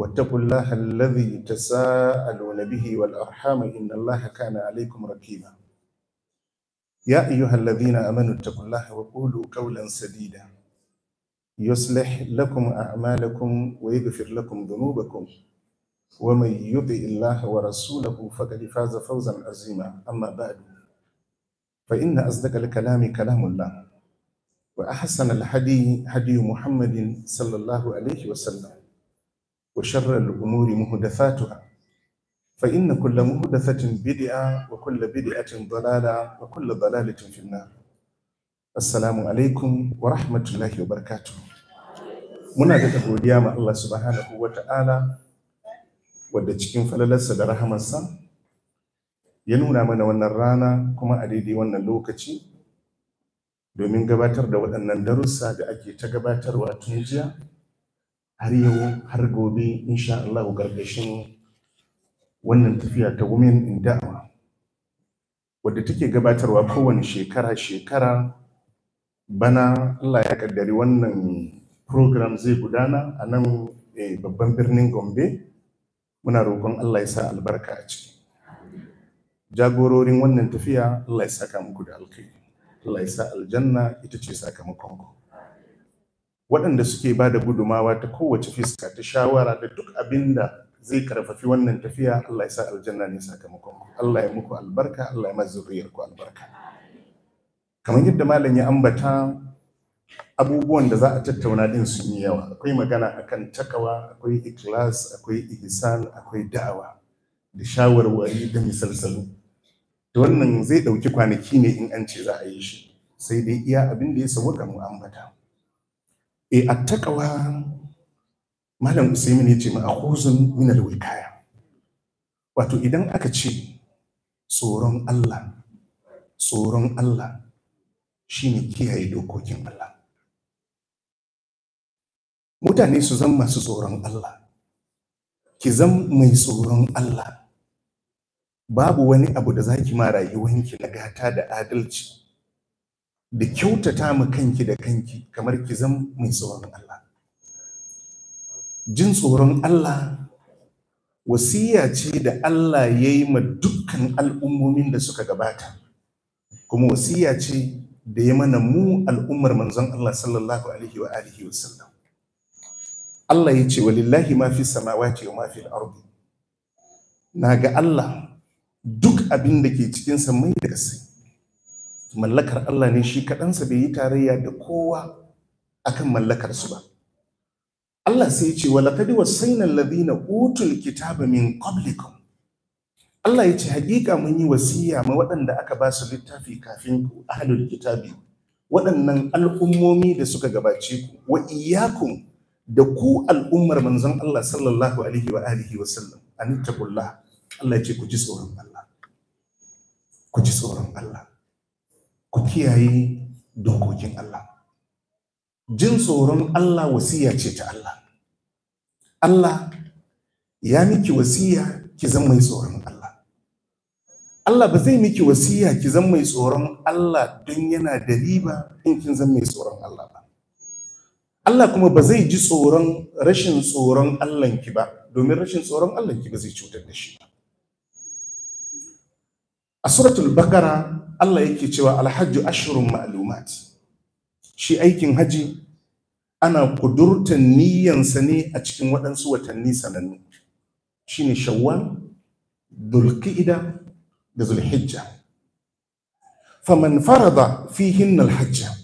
واتقوا الله الذي تساءلون به والأرحام إن الله كان عليكم ركيبا يا أيها الذين آمنوا اتقوا الله وقولوا قولا سديدا يصلح لكم أعمالكم ويغفر لكم ذنوبكم ومن يطع الله ورسوله فقد فاز فوزا عظيما أما بعد فإن أصدق الكلام كلام الله وأحسن الحديث هدي محمد صلى الله عليه وسلم وشر الأمور مهدفاتها فإن كل مهدفة بدعة وكل بدعة ضلالة وكل ضلالة في النار السلام عليكم ورحمة الله وبركاته muna da godiya ma Allah subhanahu wa ta'ala wadda cikin falalarsa da rahamarsa ya nuna mana wannan rana kuma a daidai wannan lokaci domin gabatar da waɗannan darussa da ake ta gabatarwa tun jiya har yau har gobe insha Allah gargashin wannan tafiya ta women in da'awa wadda take gabatarwa kowane shekara shekara bana Allah ya kaddari wannan program zai gudana a nan eh, babban birnin Gombe muna roƙon Allah ya sa albarka a ciki jagororin wannan tafiya Allah ya saka muku da alkai Allah ya sa aljanna ita ce sakamakon ku waɗanda suke ba da gudumawa ta kowace fiska ta shawara da duk abin da zai karfafi wannan tafiya Allah ya sa aljanna ne sakamakon ku Allah ya muku albarka Allah ya ma zuriyar ku albarka kamar yadda malam ya ambata abubuwan da za a tattauna din sun yi yawa akwai magana akan takawa akwai ikhlas akwai ihsan akwai da'awa da shawarwari da misalsalu da wannan zai ɗauki kwanaki ne in an ce za a yi shi sai dai iya abin da ya sauka mu ambata e attaqwa malam usaimin ya ce ma akhuzun min alwikaya wato idan aka ce tsoron Allah tsoron Allah shine kiyaye dokokin Allah mutane su zama masu tsoron Allah ki zan mai tsoron Allah babu wani abu da zaki ma rayuwanki na gata da adalci da kyautata mu kanki da kanki kamar ki zan mai tsoron Allah jin tsoron Allah wasiya ce da Allah ya yi ma dukkan al'ummomin da suka gabata kuma wasiya ce da ya mana mu al'ummar manzon Allah sallallahu alaihi wa alihi wa sallam Allah ya ce walillahi ma fi samawati wa ma fi al-ardi naga Allah duk abin da ke cikin samai da ƙasa mallakar Allah ne shi kaɗansa bai yi tarayya da kowa akan mallakar su ba Allah sai ya ce wa laqad wasayna alladhina utul kitaba min qablikum Allah ya ce hakika mun yi wasiya ma waɗanda aka ba su littafi kafin ku ahlul kitabi waɗannan al'ummomi da suka gabace ku wa iyyakum da ku al'ummar manzon Allah sallallahu alaihi wa alihi wa sallam an Allah ya ce ku ji tsoron Allah ku ji tsoron Allah ku kiyaye dokokin Allah jin tsoron Allah wasiya ce ta Allah Allah ya miki wasiya ki zan mai tsoron Allah Allah ba zai miki wasiya ki zan mai tsoron Allah don yana da riba in kin zan mai tsoron Allah ba Allah kuma ba zai ji tsoron rashin tsoron Allahnki ba domin rashin tsoron ki ba zai cutar da shi ba a suratul bakara Allah yake cewa alhajju ashirin ma'lumat shi aikin haji ana kudurtan niyyansa ne a cikin waɗansu watanni sanannu shine shawwal dhulqa'da da zulhijja faman farada fihin alhajja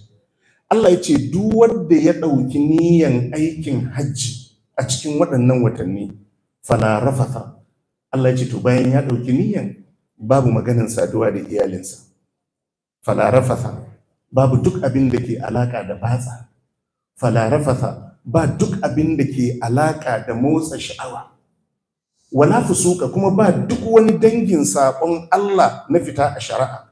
Allah ya ce duk wanda ya ɗauki niyyan aikin hajji a cikin waɗannan watanni na rafatha Allah ya ce to bayan ya ɗauki niyan? babu maganin saduwa da iyalinsa falarafasa babu duk abin da ke alaka da batsa falarafasa ba duk abin da ke alaka da motsa sha'awa wala fusuka kuma ba duk wani dangin saƙon Allah na fita a shari'a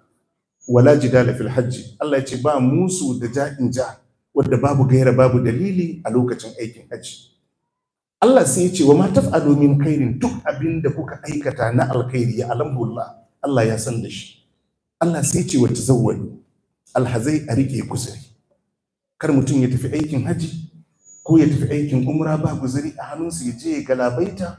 wala jidala fil hajji Allah ya ce ba musu da ja'in ja wadda babu gaira babu dalili a lokacin aikin hajji Allah sai ya ce wa ma taf'alu min khairin duk abin da kuka aikata na alkhairi ya alhamdulillah Allah ya san da shi Allah sai ya ce wa tazawwadu alhazai a rike guzuri kar mutum ya tafi aikin haji ko ya tafi aikin umra ba guzuri a hannunsa ya je ya galabaita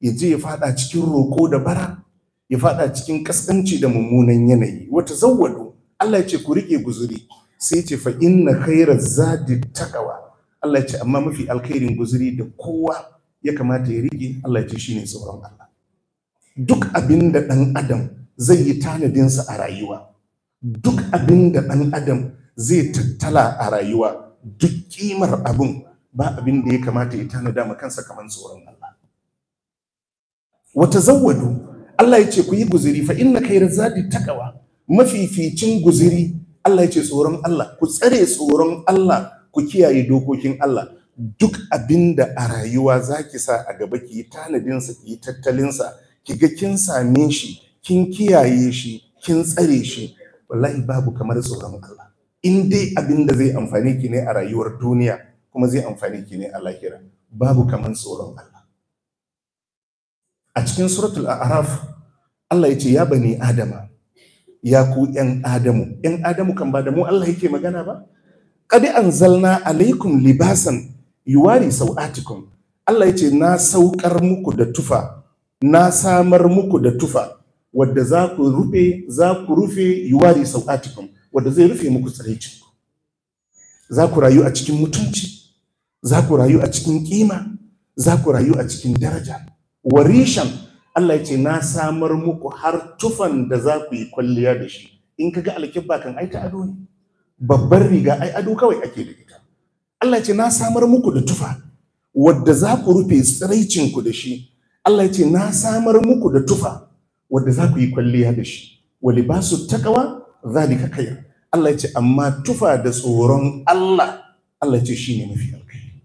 ya je ya fada cikin roko da bara ya fada cikin kaskanci da mummunan yanayi wa tazawwadu Allah ya ce ku rike guzuri sai ya ce fa inna khairaz zadi taqwa Allah ya ce amma mafi alkhairin guzuri da kowa ya kamata ya rike Allah ya ce shine tsoron Allah duk abin da ɗan adam zai yi tanadinsa a rayuwa duk abin da ɗan adam zai tattala a rayuwa duk kimar abun ba abin da ya kamata ya tanada ma kansa kamar tsoron Allah wata zawwadu Allah ya ce ku yi guziri fa inna khairaz zadi taqwa mafificin guziri Allah ya ce tsoron Allah ku tsare tsoron Allah ku kiyaye dokokin Allah duk abinda a rayuwa zaki sa a gaba ki yi tanadin sa ki yi tattalin ki ga kin same shi kin kiyaye shi kin tsare shi wallahi babu kamar tsoron Allah in dai abinda zai amfane ki ne a rayuwar duniya kuma zai amfane ki ne a lahira babu kamar tsoron Allah a cikin suratul a'raf Allah ya ce ya bani adama ya ku yan adamu yan adamu kan ba da mu Allah yake magana ba qad zalna alaikum libasan yuwari sau'atikum Allah yace na saukar muku da tufa na samar muku da tufa wadda za ku rufe za ku rufe yuwari sau'atikum wadda zai rufe muku tsiraicin za ku rayu a cikin mutunci za ku rayu a cikin kima za ku rayu a cikin daraja warishan Allah yace na samar muku har tufan da za ku yi kwalliya da shi in kaga alkibba kan aita ado ne babbar riga ai ado kawai ake da ita Allah ce na samar muku da tufa wadda za ku rufe ku da shi Allah ce na samar muku da tufa wadda za ku yi kwalliya da shi wa libasu taqwa zalika khair Allah ce amma tufa da tsoron Allah Allah ce shine mafi alkhairi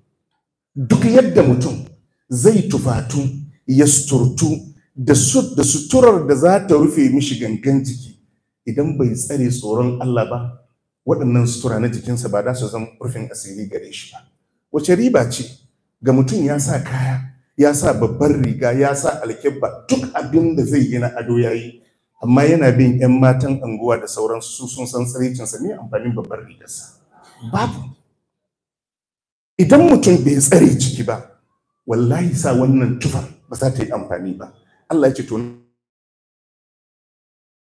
duk yadda mutum zai tufatu ya suturtu da suturar da za ta rufe mishi gangan jiki idan bai tsare tsoron Allah ba waɗannan sutura na jikinsa ba za su zama rufin asiri gare shi ba wace riba ce ga mutum ya sa kaya ya sa babban riga ya sa alkebba duk abin da zai yi na ado ya yi amma yana bin 'yan matan anguwa da sauransu su sun san tsaricinsa ne amfanin babban rigarsa babu idan mutum bai tsare ciki ba wallahi sa wannan tufa ba za ta yi amfani ba Allah ya ce to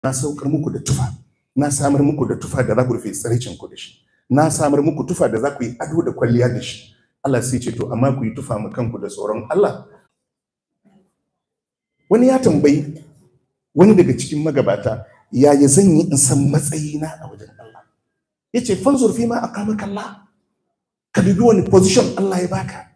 na saukar muku da tufa na samar muku da tufa da za ku rufe tsiraicin ku da shi na samar muku tufa da za ku yi ado da kwalliya da shi Allah sai ce to amma ku yi tufa ma kanku da tsoron Allah wani ya tambayi wani daga cikin magabata yaya zan yi in san matsayina a wajen Allah ya ce fanzur fi ma maka Allah ka dubi wani position Allah ya baka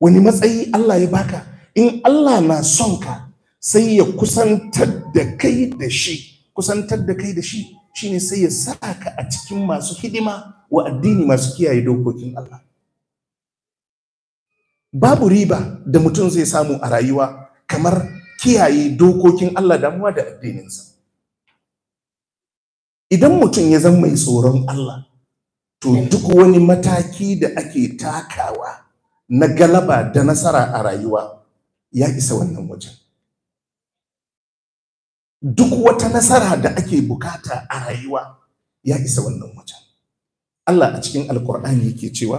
wani matsayi Allah ya baka in Allah na son ka sai ya kusantar da kai da shi kusantar da kai da shi shine sai ya sa ka a cikin masu hidima wa addini masu kiyaye dokokin Allah babu riba da mutum zai samu a rayuwa kamar kiyaye dokokin Allah damuwa da addininsa. Idan mutum ya zama mai tsoron Allah, to duk wani mataki da ake takawa na galaba da nasara a rayuwa ya isa wannan wajen. duk wata nasara da ake bukata a rayuwa ya isa wannan wajen Allah a cikin alkur'ani yake cewa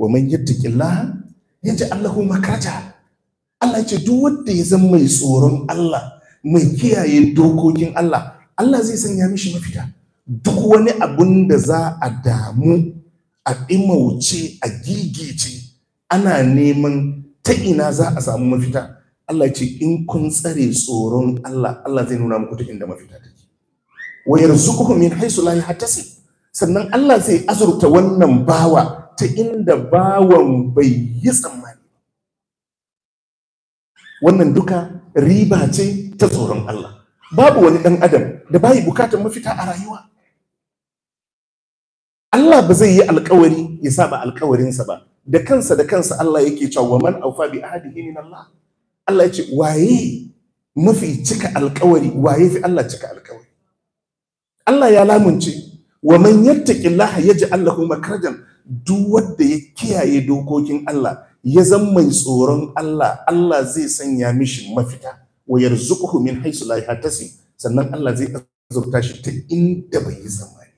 wa man yattaqillaha yaji Allahu makaja Allah ce duk wanda ya zama mai tsoron Allah mai kiyaye dokokin Allah Allah zai sanya mishi mafita duk wani abun da za a damu a ɗimauce a gigice ana neman ta ina za a samu mafita Allah ce in kun tsare tsoron Allah Allah zai nuna muku ta inda mafita take wa yarzuquhum min haythu la yahtasib sannan Allah zai azurta wannan bawa ta inda bawan bai yi tsammani wannan duka riba ce ta tsoron Allah babu wani dan adam da bai bukatar mafita a rayuwa Allah ba zai yi alkawari ya saba alkawarinsa ba da kansa da kansa Allah yake cewa man awfa bi ahdihi min Allah Allah ya ce waye mafi cika alkawari waye fi Allah cika alkawari Allah ya lamunce wa man Allah yaj'al lahu makrajan duk wanda ya kiyaye dokokin Allah ya zan mai tsoron Allah Allah zai sanya mishi mafita wa yarzuquhu min haythu la yahtasi sannan Allah zai azurta shi ta inda bai yi zamani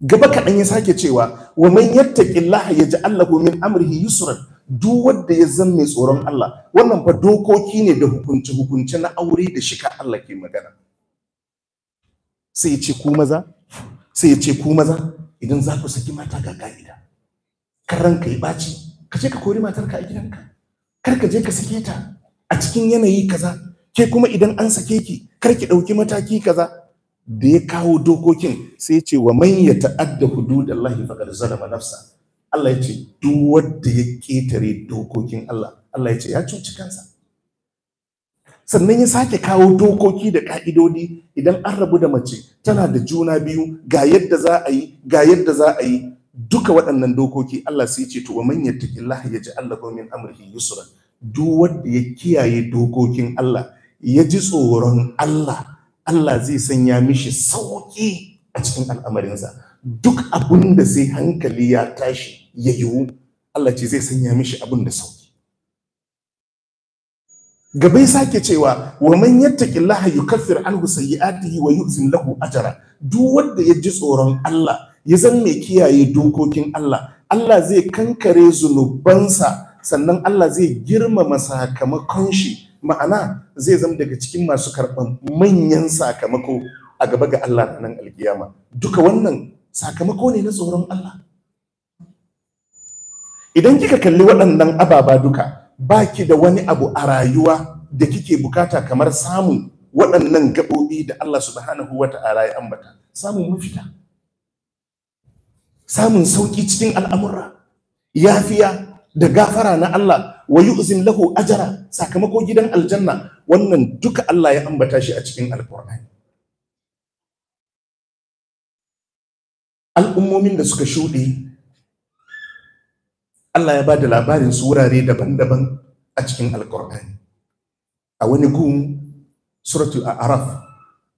gaba kaɗan ya sake cewa wa man Allah yaj'al lahu min amrihi yusran duk wanda ya zan mai tsoron Allah wannan fa dokoki ne da hukunci hukunci na aure da shika Allah ke magana sai ya ce ku maza sai ya ce ku maza idan za ku saki mata ga ka'ida kar ranka ya baci, ka je ka kori matarka a gidanka kar ka je ka sake ta a cikin yanayi kaza ke kuma idan an sake ki kar ki ɗauki mataki kaza da ya kawo dokokin sai ya ce wa man ya ta'adda hududallahi faqad zalama nafsa Allah ya ce duk wanda ya ketare dokokin Allah Allah ya ce ya cuci kansa sannan ya sake kawo dokoki da ka'idodi idan an rabu da mace tana da juna biyu ga yadda za a yi ga yadda za a yi duka waɗannan dokoki Allah sai ce to wa man yattaqillaha yaj'al Allah min amrihi yusra duk wanda ya kiyaye dokokin Allah ya ji tsoron Allah Allah zai sanya mishi sauki a cikin al'amarinsa duk abun da sai hankali ya tashi ya yiwu Allah ce zai sanya mishi abun da sauki gabai sake cewa wa man ya yukaffir anhu sayyi'atihi wa yuzin lahu ajra duk wanda ya ji tsoron Allah ya zan mai kiyaye dokokin Allah Allah zai kankare zunubansa sannan Allah zai girmama sakamakon shi ma'ana zai zama daga cikin masu karɓan manyan sakamako a gaba ga Allah nan alkiyama duka wannan sakamako ne na tsoron Allah idan kika kalli waɗannan ababa duka baki da wani abu a rayuwa da kike bukata kamar samun waɗannan gaɓoɓi da Allah subhanahu wa ta'ala ya ambata samun mafita samun sauƙi cikin al'amura yafiya da gafara na Allah wa uzin lahu ajara sakamako gidan aljanna wannan duka Allah ya ambata shi a cikin alƙur'ani al'ummomin da suka shuɗe Allah ya ba da labarin su wurare daban-daban a cikin alkur'ani a wani gun suratul araf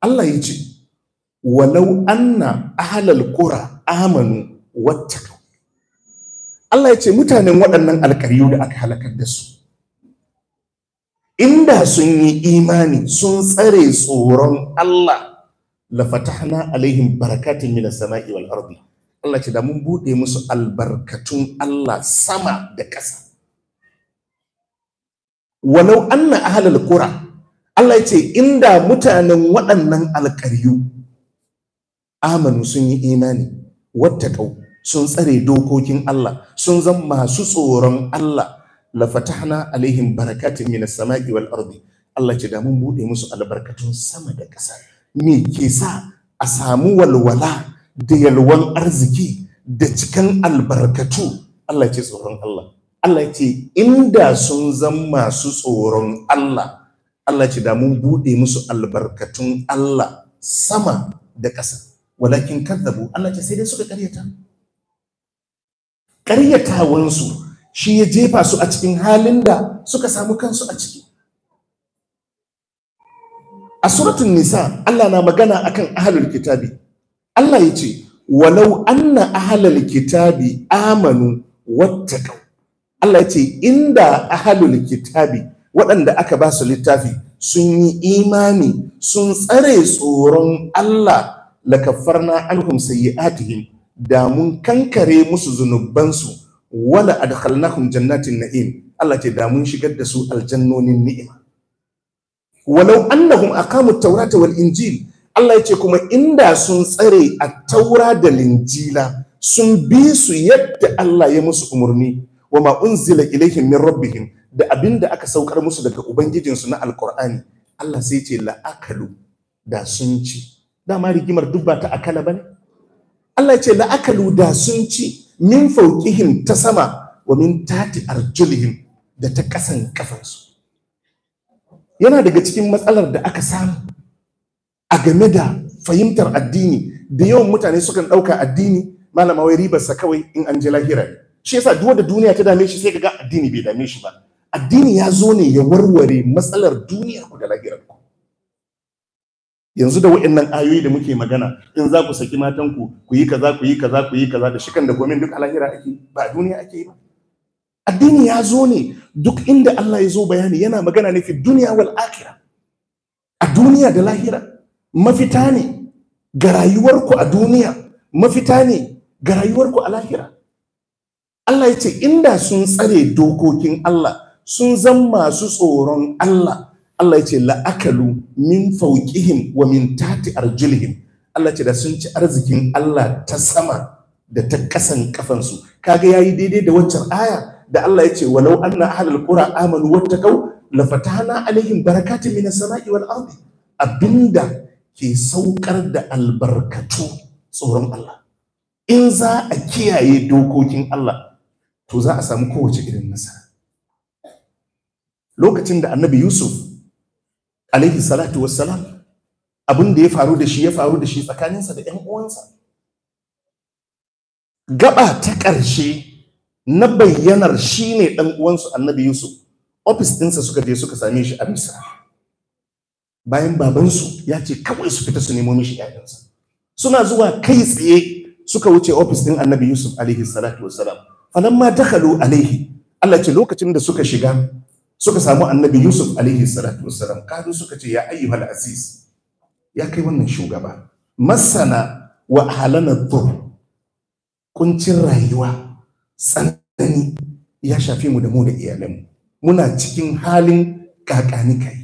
Allah ya ce walau anna ahlal qura amanu wattaqu Allah ya ce mutanen waɗannan alƙaryu da aka halakar da su inda sun yi imani sun tsare tsoron Allah la fatahna alaihim barakatin minas sama'i wal ardi Allah ce da mun bude musu albarkatun Allah sama da ƙasa walau anna ahlal qura Allah ya ce inda mutanen waɗannan alƙaryu amanu sun yi imani wattaqau sun tsare dokokin Allah sun zama masu tsoron Allah la fatahna alaihim barakatin minas sama'i wal ardi Allah ce da mun bude musu albarkatun sama da ƙasa me ke sa a samu walwala da yalwan arziki da cikan albarkatu Allah ce tsoron Allah Allah ce inda sun zan masu tsoron Allah Allah ce da mun buɗe musu albarkatun Allah sama da ƙasa walakin kadzabu Allah ce sai dai suka ƙaryata Karyatawansu shi ya jefa su a cikin halin da suka samu kansu a ciki a suratun nisa Allah na magana akan ahlul kitabi Allah ya ce walau anna ahlul kitabi amanu wattaqau Allah ya ce inda ahlul kitabi waɗanda aka ba su littafi sun yi imani sun tsare tsoron Allah lakaffarna anhum sayyi'atihim da mun kankare musu zunubansu wala adkhalnahum jannatin na'im Allah ce da mun shigar da su aljannonin ni'ima walau annahum aqamut taurata wal injil Allah ya ce kuma inda sun tsare a taura da linjila sun bi su yadda Allah ya musu umarni wa ma unzila ilaihim min rabbihim da abinda aka saukar musu daga ubangijin su na alkur'ani Allah sai ce la'akalu da sun ci ma rigimar duk ba ta akala bane Allah ya ce la'akalu da sun ci min fawqihim ta sama wa min tati arjulihim da ta kasan kafansu yana daga cikin matsalar da aka samu a game da fahimtar addini da yawan mutane sukan ɗauka addini malama wai ribarsa kawai in an ji lahira ne shi yasa duk da duniya ta dame shi sai kaga addini bai dame shi ba addini ya zo ne ya warware matsalar duniyar ku da lahirar ku yanzu da wa'annan ayoyi da muke magana in za ku saki matanku ku yi kaza ku yi kaza ku yi kaza da shikan da gomin duk a lahira ake ba duniya ake yi ba addini ya zo ne duk inda Allah ya zo bayani yana magana ne fi duniya wal a duniya da lahira mafita ne ga rayuwarku a duniya mafita ne ga rayuwarku a lahira Allah ya ce inda sun tsare dokokin Allah sun zan masu tsoron Allah Allah ya ce la'akalu min fauqihim wa min tati arjulihim Allah ce da sun ci arzikin Allah ta sama da ta kasan kafansu kaga yayi daidai da waccan aya da Allah ya ce walau anna ahlul qura amanu wattaqau la fatahna alaihim barakatin minas sama'i wal ardi abinda ke saukar da albarkatu tsoron Allah in za a kiyaye dokokin Allah to za a samu kowace irin nasara lokacin da annabi Yusuf alaihi salatu wassalam abin da ya faru da shi ya faru da shi tsakaninsa da 'yan uwansa gaba ta ƙarshe na bayyanar shi ne ɗan uwansu annabi yusuf ofis ɗinsa suka je suka same shi a bisa bayan babansu ya ce kawai su fita su nemo mishi ƴaƴansa suna zuwa kai tsaye suka wuce ofis ɗin annabi yusuf alaihi salatu wassalam ta dakhalu alaihi Allah ce lokacin da suka shiga suka samu annabi yusuf alaihi salatu wassalam kadu suka ce ya ayyuhal aziz ya kai wannan shugaba masana wa halana dhur kuncin rayuwa tsanani ya shafi mu da mu da mu, muna cikin halin kakani kai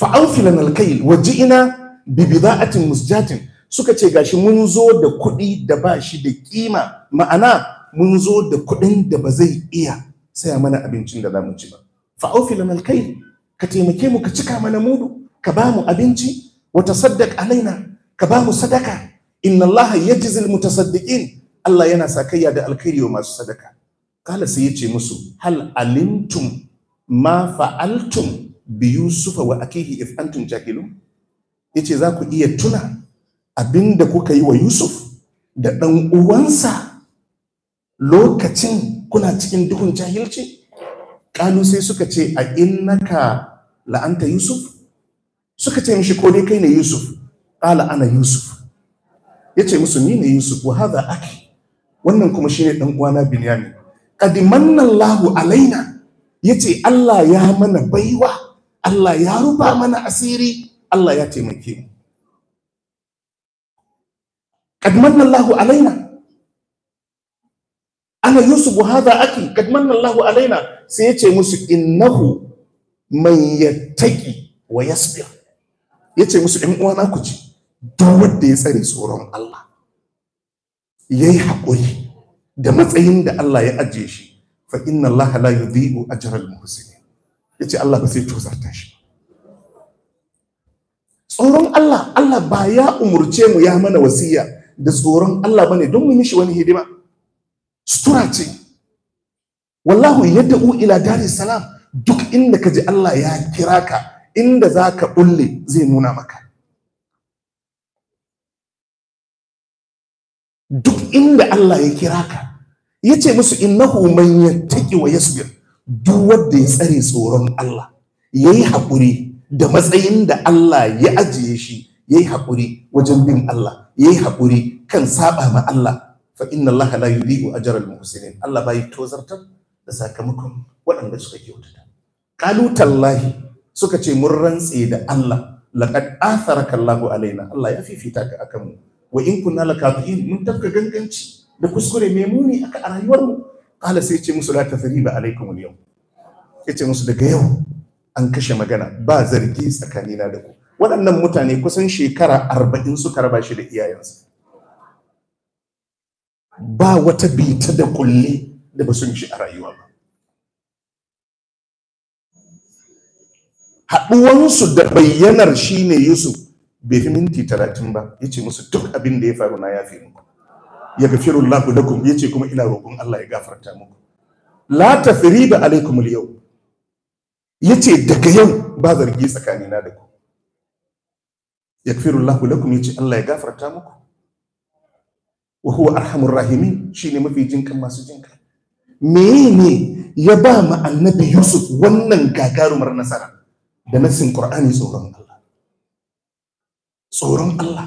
fa'aufilan alkayl waji'na bi bida'atin musjatin suka ce gashi mun zo da kuɗi da ba shi da kima ma'ana mun zo da kuɗin da ba zai iya saya mana abincin da za mu ci ba fa'aufilan alkayl ka taimake mu ka cika mana mudu ka ba mu abinci wata tasaddaq alaina ka ba mu sadaka inna allaha yajzil almutasaddiqin Allah yana sa sakayya da alkhairi wa masu sadaka kala sai ya ce musu hal alimtum ma fa'altum bi yusufa wa akihi if antum jahilun yace za ku iya tuna abinda kuka yi wa yusuf da ɗan uwansa lokacin kuna cikin duhun jahilci kalu sai suka ce a innaka la'anta yusuf suka ce mishi ko dai kai ne yusuf kala ana yusuf yace musu ni ne yusuf wa hadha aki wannan kuma shi shine ɗan uwana binyamin Ƙadimannan lahu alaina ce Allah ya mana baiwa Allah ya ruba mana asiri Allah ya taimake mu Ƙadimannan lahu alaina ana yusubu hadha aki ƙadimannan lahu alaina sai ya ce musu innahu man taƙi wa yasbir ce musu ɗan uwana ku ji duk wanda ya tsare tsoron Allah Yayi haƙuri da matsayin da Allah ya ajiye shi fa inna Allah la yudhi'u ajral muhsinin yace Allah ba sai tozarta shi tsoron Allah Allah ba ya umurce mu ya mana wasiya da tsoron Allah bane don mu mishi wani hidima sutura ce wallahu yad'u ila daris salam duk inda kaji Allah ya kira ka inda zaka bulle zai nuna maka duk inda Allah ya kira ka ce musu innahu man taƙi wa yasbir duk wanda ya tsare tsoron Allah ya yi haƙuri da matsayin da Allah ya ajiye shi ya yi haƙuri wajen bin Allah Ya yi haƙuri kan saba ma Allah fa inna Allah la yudhi'u ajral muhsinin Allah bai tozartar da sakamakon waɗanda suka kyautata Ƙalutallahi tallahi suka ce mun rantse da Allah laqad atharaka Allahu alaina Allah ya fifita ka akan mu wa in kunna kafirin mun tafka ganganci da kuskure mai muni aka a rayuwar mu kala sai ce musu la tathriba alaikum al yau yace musu daga yau an kashe magana ba zargi tsakanina da ku waɗannan mutane kusan shekara arba'in suka raba shi da iyayensa ba wata bita da kulle da ba sun shi a rayuwa ba haɗuwansu da bayyanar shine yusuf bai fi minti talatin ba ya ce musu duk abin da ya faru na ya fi muku ya gafiru da kuma ya ce kuma ina roƙon Allah ya gafarta muku la ba alaikum yau ya ce daga yau ba zargi tsakanina da ku ya gafiru da kuma ya ce Allah ya gafarta muku wa huwa arhamur rahimin shine mafi jinkan masu jinka. menene ya ba ma annabi Yusuf wannan gagarumar nasara da nasin Qur'ani tsoron Allah tsoron Allah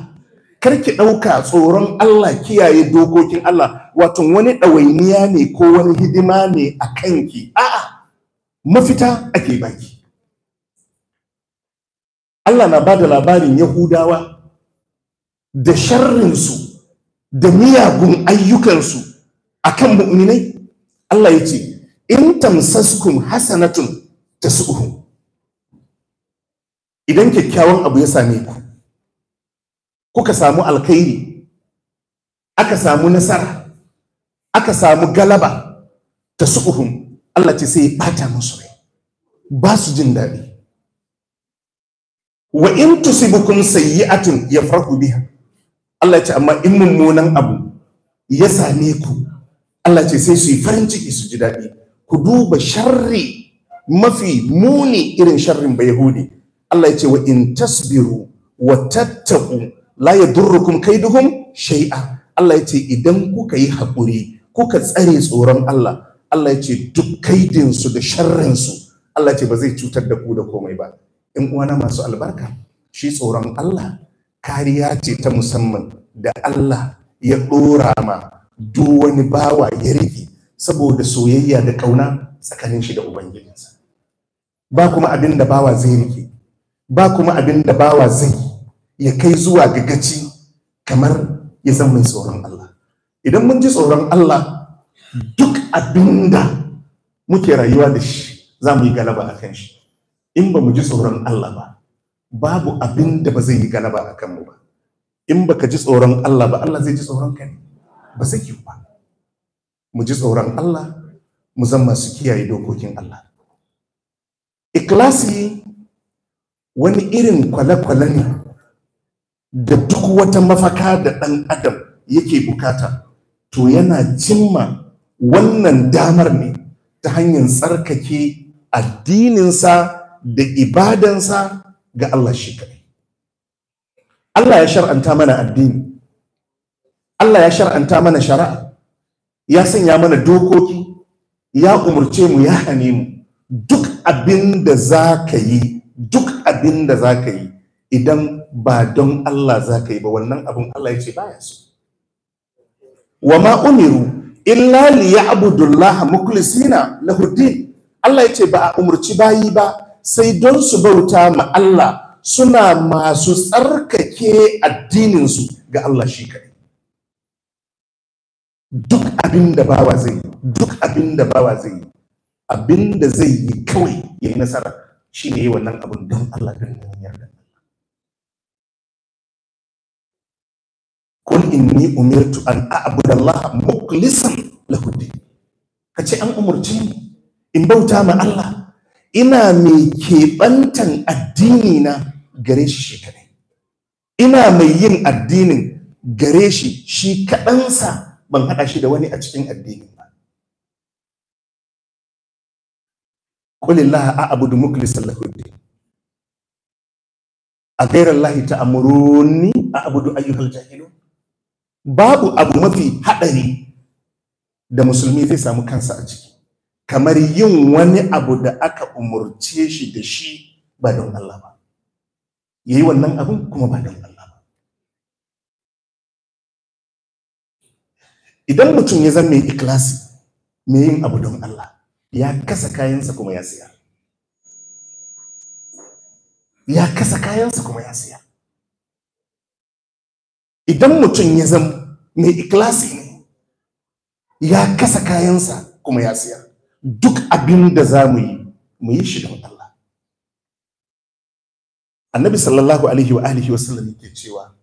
kar ki ɗauka tsoron Allah kiyaye dokokin Allah wato wani ɗawainiya ne ko wani hidima ne a kanki a'a mafita ake baki Allah na ba da labarin Yahudawa da sharrinsu da miyagun ayyukansu a kan mu'minai Allah ya ce in tamsaskum hasanatun ta idan kyakkyawan abu ya same ku kuka samu alkhairi aka samu nasara aka samu galaba ta su'uhum Allah ce sai bata musu rai ba su jin daɗi wa in tusibukum sayyi'atun yafrahu biha Allah ya ce amma in mummunan abu ya same ku Allah ce sai su yi farin ciki su ji daɗi ku duba sharri mafi muni irin sharrin ba Yahudi Allah ya ce wa in tasbiru wa tattaku la kai kaiduhum shai'a. Allah ya ce idan kuka yi haƙuri kuka tsare tsoron Allah Allah ya ce duk kaidinsu da sharrinsu Allah ce ba zai cutar da ku da komai ba in uwana masu albarka shi tsoron Allah kariya ce ta musamman da Allah ya ɗora ma duk wani bawa ya riƙe saboda soyayya da ƙauna tsakanin shi da ubangijinsa ba kuma abin da bawa zai riƙe ba kuma abin da bawa zai ya kai zuwa gagaci kamar ya zama mai tsoron Allah idan mun ji tsoron Allah duk abinda muke rayuwa da shi za mu yi galaba a kan shi in ba mu ji tsoron Allah ba babu abin da ba zai yi galaba a mu ba in baka ji tsoron Allah ba Allah zai ji tsoron ka ne ba zai ba mu ji tsoron Allah mu zan masu kiyaye dokokin Allah ikilasi wani irin kwale-kwale ne da duk wata mafaka da ɗan adam yake bukata to yana cimma wannan damar ne ta hanyar tsarkake addininsa da ibadansa ga Allah shi kaɗai. Allah ya shar'anta mana addini Allah ya shar'anta mana shari'a ya sanya mana dokoki ya umarce mu ya hane mu duk abin da za ka yi duk abin da za ka yi idan ba don Allah za ka yi ba wannan abin Allah ya ce baya so wa ma umiru illa li ya'budullah mukhlisina lahu din Allah ya ce ba a umurci bayi ba sai don su bauta ma Allah suna masu tsarkake addininsu ga Allah shi kai duk abin da bawa zai yi duk abin da bawa zai yi abin da zai yi kawai ya yi nasara shi ne wannan abin don Allah don yarda kul inni umirtu an a'budu Allah mukhlishan lahu Ka ce an umurce ni in bauta ma Allah ina mai keɓantan addini na gare shi shi kadai ina mai yin addinin gare shi shi kaɗansa ban haɗa shi da wani a cikin addini ba qulillah a'budu mukhlishan lahu a ghayra Allah ta'muruni a'budu ayyuhal jahilun babu abu mafi haɗari da musulmi zai samu kansa a ciki kamar yin wani abu da aka umurce shi da shi ba don Allah ba ya yi wannan abun kuma ba don Allah ba idan mutum ya zama mai ikilasi mai yin abu don Allah ya kasa kayansa kuma ya siya ya kasa kayansa kuma ya siya idan mutum ya zama mai ikilasi ne ya kasa kayansa kuma ya siya duk abin da za mu yi mu yi shi da Allah annabi sallallahu alaihi wa alihi wasallam ke cewa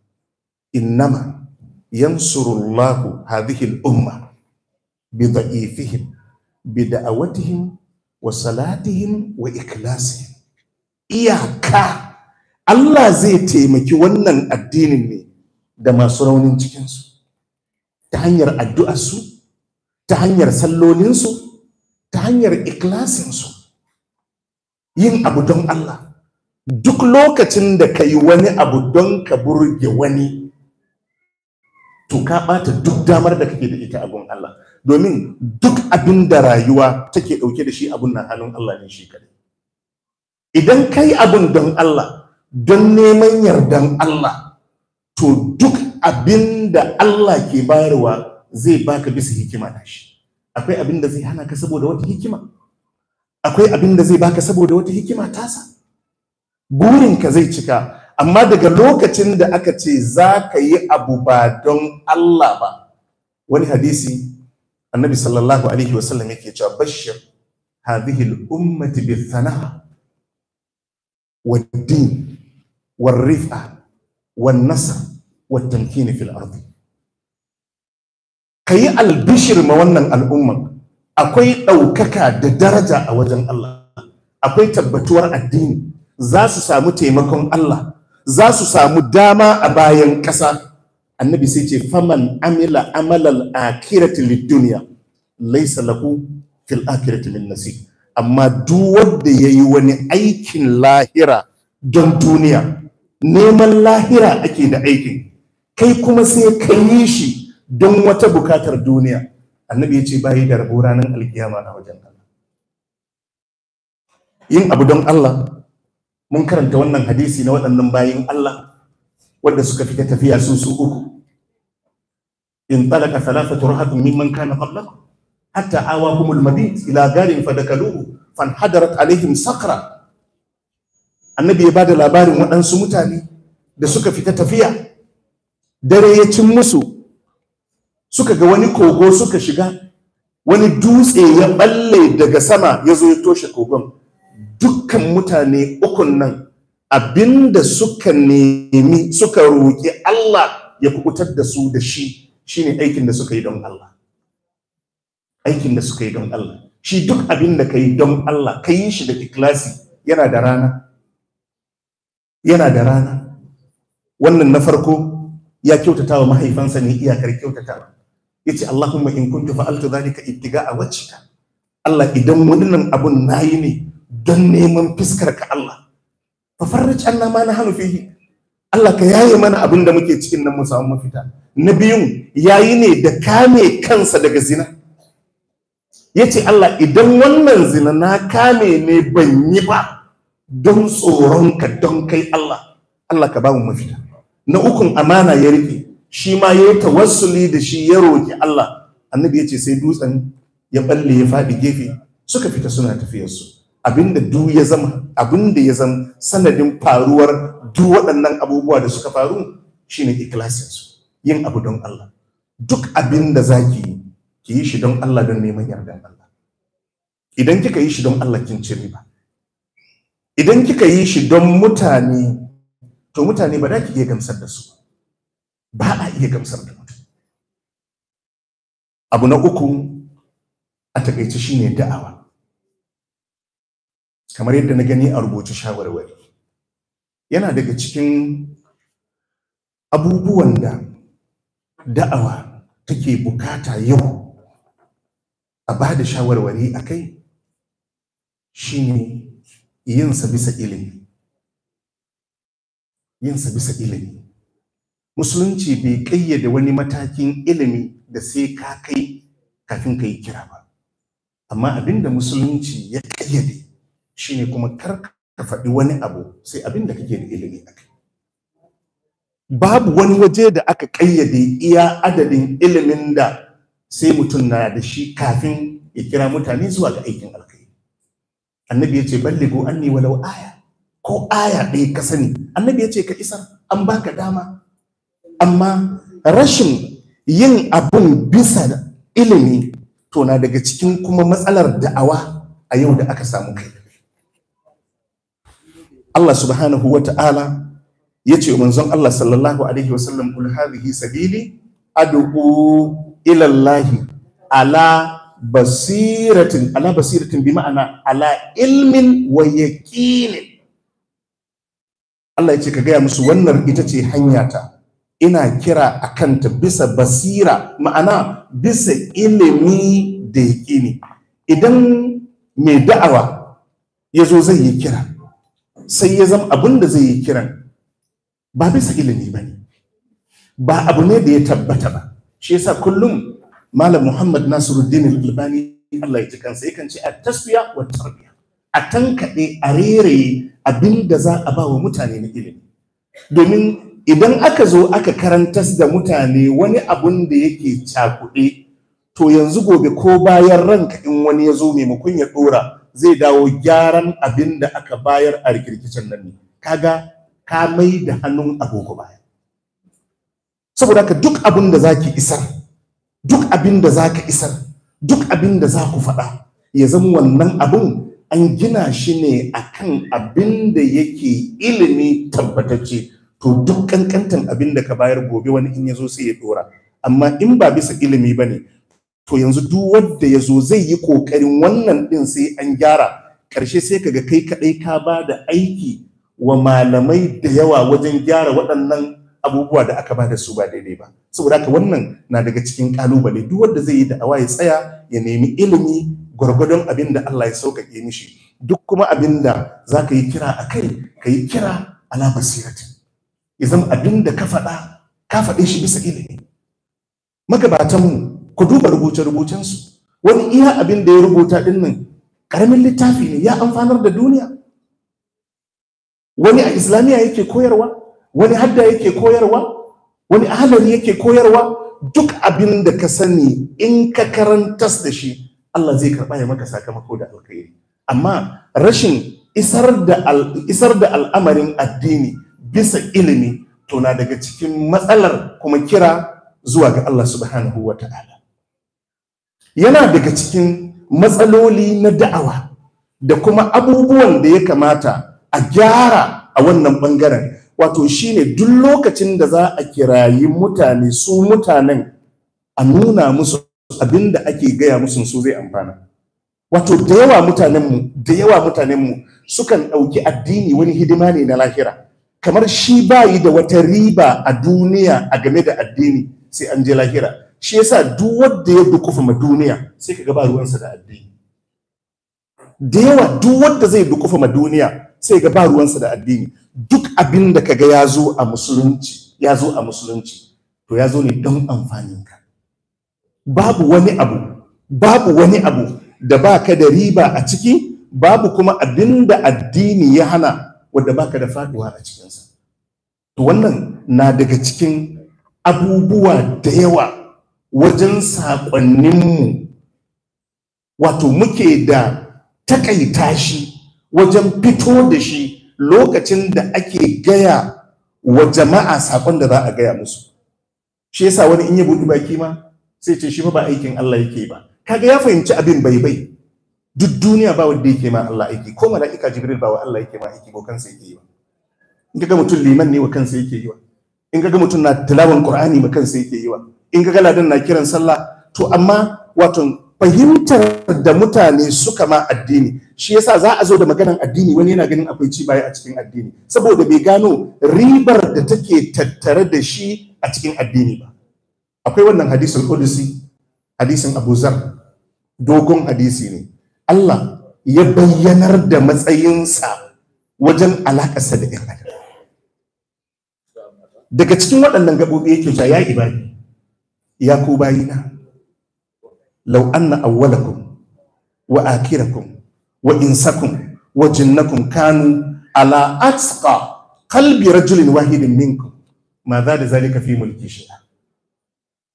innama yansurullahu hadhihi al-umma bi da'ifihim bi da'awatihim wa salatihim wa ikhlasihim iyaka Allah zai taimaki wannan addinin ne da masu raunin cikinsu ta hanyar addu'arsu ta hanyar sallolinsu ta hanyar ikilasinsu yin abu don Allah duk lokacin da ka yi wani abu don ka burge wani to ka ɓata duk damar da kake da ita abun Allah domin duk abin da rayuwa take ɗauke da shi abun na hannun Allah ne shi kaɗai. idan kai abun don Allah don neman yardan Allah to duk abinda Allah ke bayarwa zai baka bisa hikima da shi akwai abin zai hana ka saboda wata hikima akwai abin zai baka saboda wata hikima tasa ka zai cika amma daga lokacin da aka ce za ka yi abu ba don Allah ba wani hadisi annabi sallallahu alaihi wasallam yake cewa bashir hadhihi al-ummati bi thanaha din والنصر والتمكين في الأرض كي البشر ما ونن الأمة أكوي أوكاكا درجة أوجن الله أكوي تبتور الدين زاس سامو تيمكم الله زاس سامو داما أباين كسا النبي سيتي فمن عمل عمل الآخرة للدنيا ليس له في الآخرة من نصيب amma duk wanda yayi wani aikin lahira don duniya neman lahira ake da aikin kai kuma sai ka yi shi don wata bukatar duniya annabi ya ce bayi da rabo ranar alkiyama a wajen Allah yin abu don Allah mun karanta wannan hadisi na waɗannan bayin Allah wanda suka fita tafiya su su uku in talaka thalathatu rahatun mimman kana qablakum hatta awahumul madid ila garin fadakaluhu fanhadarat alaihim sakra annabi ya bada labarin waɗansu mutane da suka fita tafiya dare ya cin musu suka ga wani kogo suka shiga wani dutse ya balle daga sama ya zo ya toshe kogon dukkan mutane ukun nan abinda suka nemi suka roƙi Allah ya kubutar da su da shi shine aikin da suka yi don Allah aikin da suka yi don Allah shi duk abinda da ka yi don Allah ka yi shi da ikilasi yana da rana yana da rana wannan na farko ya kyautata wa mahaifansa ne iyakar kyautatawa yace Allahumma in kuntu fa'altu ittiga a wajhika Allah idan wannan abun nayi ne don neman fiskar ka Allah fa farrij anna ma nahnu fihi Allah ka yaye mana abin da muke cikin nan mu samu mafita na biyun yayi ne da kame kansa daga zina Ya ce Allah idan wannan zina na kame ne ban yi ba don tsoronka don kai Allah Allah ka bamu mafita na ukun amana ya rike shi ma ya yi tawassuli da shi ya roki Allah annabi ya ce sai dutsen ya balle ya faɗi gefe suka fita suna tafiyarsu abinda du ya zama abinda ya zama sanadin faruwar du waɗannan abubuwa da suka faru shine ikilasinsu yin abu don Allah duk abinda zaki yi ki yi shi don Allah don neman yardan Allah idan kika yi shi don Allah kin ci riba idan kika yi shi don mutane to mutane ba za ki iya gamsar da su ba a iya gamsar da mutum abu na uku a takaice shine da'awa kamar yadda na gani a rubuce shawarwari yana daga cikin abubuwan da da'awa take bukata yau a ba da shawarwari a kai shine yinsa bisa ilimi yinsa bisa ilimi musulunci bai ƙayyade wani matakin ilimi da sai ka kai kafin ka yi kira ba amma abinda musulunci ya kayyade, shine kuma kar ka faɗi wani abu sai abinda kake da ilimi a kai babu wani waje da aka kayyade iya adadin ilimin da sai mutum na da shi kafin ya kira mutane zuwa ga aikin annabi ya ce balligu anni walau aya ko aya ɗaya ka sani annabi ya ce ka isar an baka dama amma rashin yin abun bisa ilimi to na daga cikin kuma matsalar da'awa a yau da aka samu kai Allah subhanahu wa ta'ala ya ce manzon Allah sallallahu alaihi wa sallam kul hadhihi sabili ad'u ila ala basiratin ala basiratin bi ma'ana ala ilmin wa yaqinin Allah ya ce ka gaya musu wannan ita ce hanya ta. ina kira a kanta bisa basira ma'ana bisa ilimi da yaƙini idan mai da'awa ya zo zai yi kira sai ya zama abin da zai yi kiran ba bisa ilimi ba ne ba abu ne da ya tabbata ba shi yasa kullum malam muhammad nasiruddin al-albani Allah ya ji kansa yakan ce a taswiya wa tarbiya a tankaɗe a reraye abinda za a ba wa mutane na ilimi domin idan aka zo aka karantas da mutane wani abun da yake cakuɗe to yanzu gobe ko bayan ranka in wani ya zo maimakon ya ɗora zai dawo gyaran abin da aka bayar a rikirkicin nan ne kaga ka mai da hannun agogo saboda ka duk abin da zaki isar duk abin da za ka isar duk abin da za ku faɗa ya zama wannan abin an gina shi ne a kan abin da yake ilimi tabbatacce to duk kankantan abin da ka bayar gobe wani in ya zo sai ya dora amma in ba bisa ilimi ba ne to yanzu duk wanda ya zo zai yi ƙoƙarin wannan ɗin sai an gyara ƙarshe sai kaga kai kaɗai ka ba da aiki wa malamai da yawa wajen gyara waɗannan abubuwa da aka ba da su ba daidai ba saboda haka wannan na daga cikin kalubale duk wanda zai yi da ya tsaya ya nemi ilimi gwargwadon abin da Allah ya sauƙaƙe mishi duk kuma abin da za ka yi kira a kai ka yi kira ala basirati izan abin da ka faɗa ka faɗe shi bisa ilimi magabatanmu ku duba rubuce-rubucensu wani iya abin da ya rubuta ɗinnan nan ƙaramin littafi ne ya amfanar da duniya wani a islamiyya yake koyarwa wani hadda yake koyarwa wani ahalari yake koyarwa duk abin da ka sani in ka karantas da shi Allah zai karɓa ya maka sakamako da alkhairi amma rashin isar da al'amarin addini bisa ilimi to na daga cikin matsalar kuma kira zuwa ga Allah subhanahu wa ta'ala yana daga cikin matsaloli na da'awa da kuma abubuwan da ya kamata a gyara a wannan bangaren wato shine duk lokacin da za a kirayi mutane su mutanen a nuna musu abin da ake gaya musu su zai amfana wato da yawa mutanenmu da yawa mutanenmu sukan ɗauki addini wani hidima ne na lahira kamar shi bayi da wata riba a duniya a game da addini sai an je lahira shi yasa duk wanda ya dukufa ma duniya sai ka ba ruwansa da addini da yawa duk wanda zai dukufa ma duniya sai ga ba ruwansa da addini duk abin da kaga ya zo a musulunci ya zo a musulunci to ya zo ne don amfaninka. ka babu wani abu babu wani abu da baka da riba a ciki babu kuma abin da addini ya hana wadda baka da faduwa a cikinsa to wannan na daga cikin abubuwa da yawa wajen saƙonninmu wato muke da takaita shi wajen fito da shi lokacin da ake gaya wa jama'a sakon da za a gaya musu shi yasa wani in ya buɗi baki ma sai ce shi ba aikin Allah yake ba kaga ya fahimci abin bai bai duk duniya ba wanda yake ma Allah aiki ko mala'ika jibril ba wa Allah yake ma aiki ko kansa yake yi ba in kaga mutum liman ne wa kansa yake yi wa in kaga mutum na tilawan qur'ani ma kansa yake yi wa in kaga ladan na kiran sallah to amma wato fahimtar da mutane suka ma addini shi yasa za a zo da maganar addini wani yana ganin akwai ci baya a cikin addini saboda bai gano ribar da take tattare da shi a cikin addini ba akwai wannan hadisin odisi, hadisin Abu Zar dogon hadisi ne Allah ya bayyanar da matsayinsa wajen alakarsa da 'yan adam daga cikin waɗannan gaɓoɓi yake ja ya ibadi ya ku bayina law anna awwalakum wa akirakum wa insakum kanu ala atqa qalbi rajulin wahidin minkum ma za da zalika fi mulki shi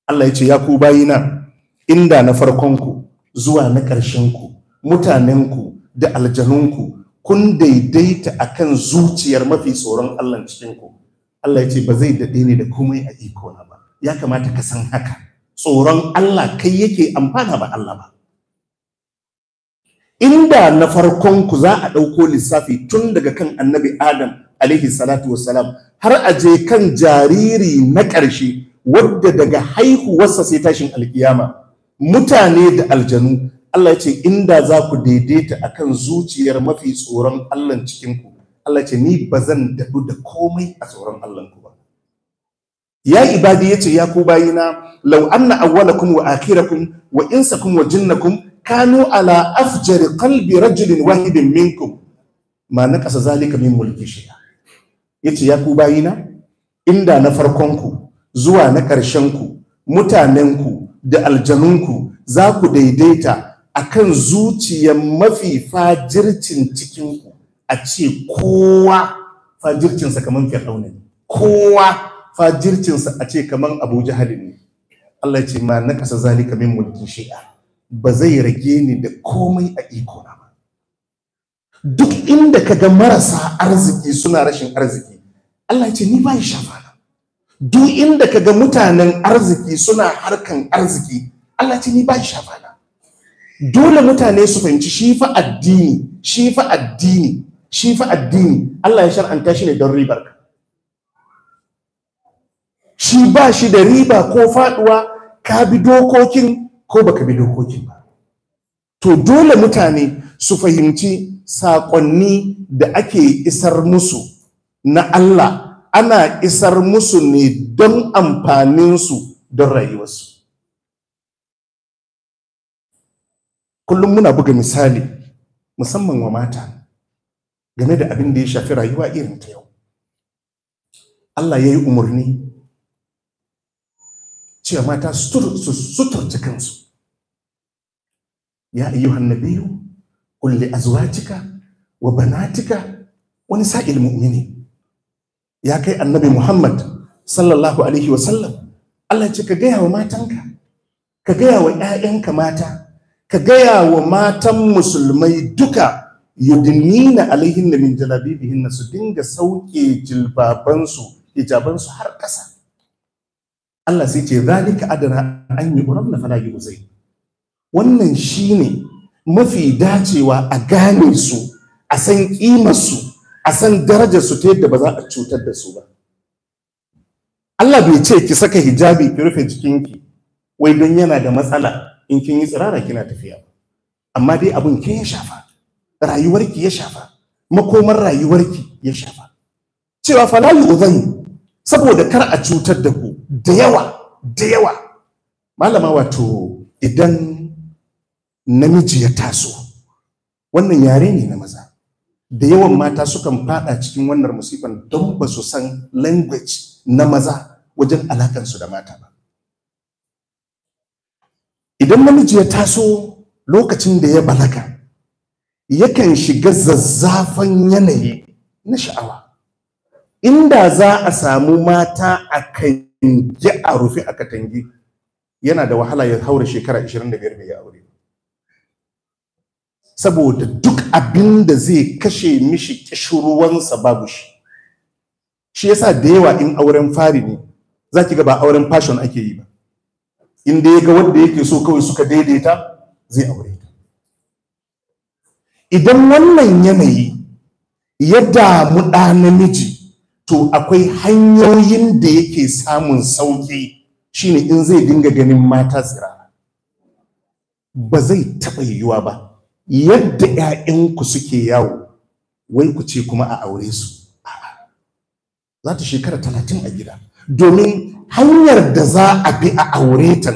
Allah yace ce ya ku bayina inda na farkonku zuwa na ƙarshenku mutanenku da aljanunku kun daidaita akan zuciyar mafi tsoron Allah cikinku Allah yace ce ba zai daɗe ne da komai a iko ba ya kamata ka san haka tsoron Allah kai yake amfana ba Allah ba inda na farkon ku za a ɗauko lissafi tun daga kan annabi adam alaihi salatu wassalam har a je kan jariri na ƙarshe wadda daga haihuwarsa sai tashin alkiyama mutane da aljanu Allah ce inda za ku daidaita akan zuciyar mafi tsoron Allah cikinku Allah ce ni ba zan daɗu da komai a tsoron Allah ku ya ibadi ce ya ku bayina law Awwala kun wa kun wa kun wa kun kanu ala afjari kalbi rajulin wahidin minkum ma naqasa zalika min mulki shay'a yace ya ku bayina inda na farkon ku zuwa na karshenku, mutanenku mutanen ku da aljanunku za ku daidaita akan zuciyar mafi fajircin cikinku. a ce kowa fajircin sakamakon kowa fajircinsa a ce kaman abu jahalin ne Allah ce ma na kasa zalika min mulki shi'a ba zai rage ni da komai a iko na ba duk inda ka ga marasa arziki suna rashin arziki Allah ce ni ba shafa na duk inda ka ga mutanen arziki suna harkan arziki Allah ce ni ba shafa na dole mutane su fahimci shi fa addini shi fa addini shi fa addini Allah ya shar'anta shi ne don ribarka shi ba shi da riba ko faduwa ka bi dokokin ko baka bi dokokin ba to dole mutane su fahimci saƙonni da ake isar musu na Allah ana isar musu ne don amfaninsu don rayuwarsu kullum muna buga misali musamman wa mata game da abin da ya shafi rayuwa irin ta yau Allah ya yi umarni cewa mata su suturta kansu ya ayyuhan annabiyu qul li azwajika wa banatika wa nisa'il mu'minin ya kai annabi Muhammad sallallahu alaihi wa sallam Allah ce ka gaya wa matanka ka gaya wa 'ya'yanka mata ka gaya wa matan musulmai duka yudnina alaihinna min jalabibihinna su dinga sauke jilbabansu hijabansu har ƙasa Allah sai ce zalika adana an yi urabna fala uzai wannan shine mafi dacewa a gane su a san ƙimarsu, a san darajar su ta yadda ba za a cutar da su ba Allah bai ce ki saka hijabi ki rufe jikinki wai don yana da matsala in kin yi tsirara kina tafiya amma dai abin kin ya shafa rayuwarki ya shafa makomar rayuwarki ya shafa cewa fala yu'zani saboda kar a cutar da ku da yawa da yawa malama wato idan namiji ya taso wannan yare ne na maza da yawan mata sukan fada cikin wannan musifan don ba su san language na maza wajen alakansu da mata ba idan namiji ya taso lokacin da ya balaga yakan shiga zazzafan yanayi na sha'awa inda za a samu mata a kange a rufe a katange yana da wahala ya haura shekara 25 bai yi aure saboda duk abin da zai kashe mishi kishirwansa babu shi shi yasa da yawa in auren fari ne za ki ga ba auren fashion ake yi ba inda ya ga wanda yake so kawai suka daidaita zai aure idan wannan yanayi ya damu ɗa namiji to akwai hanyoyin da yake samun sauƙi shine in zai dinga ganin mata tsira ba zai taɓa yiwuwa ba yadda 'ya'yanku suke yawo wai ku ce kuma a aure su za ta shekara talatin a gida domin hanyar da za a bi a aure ta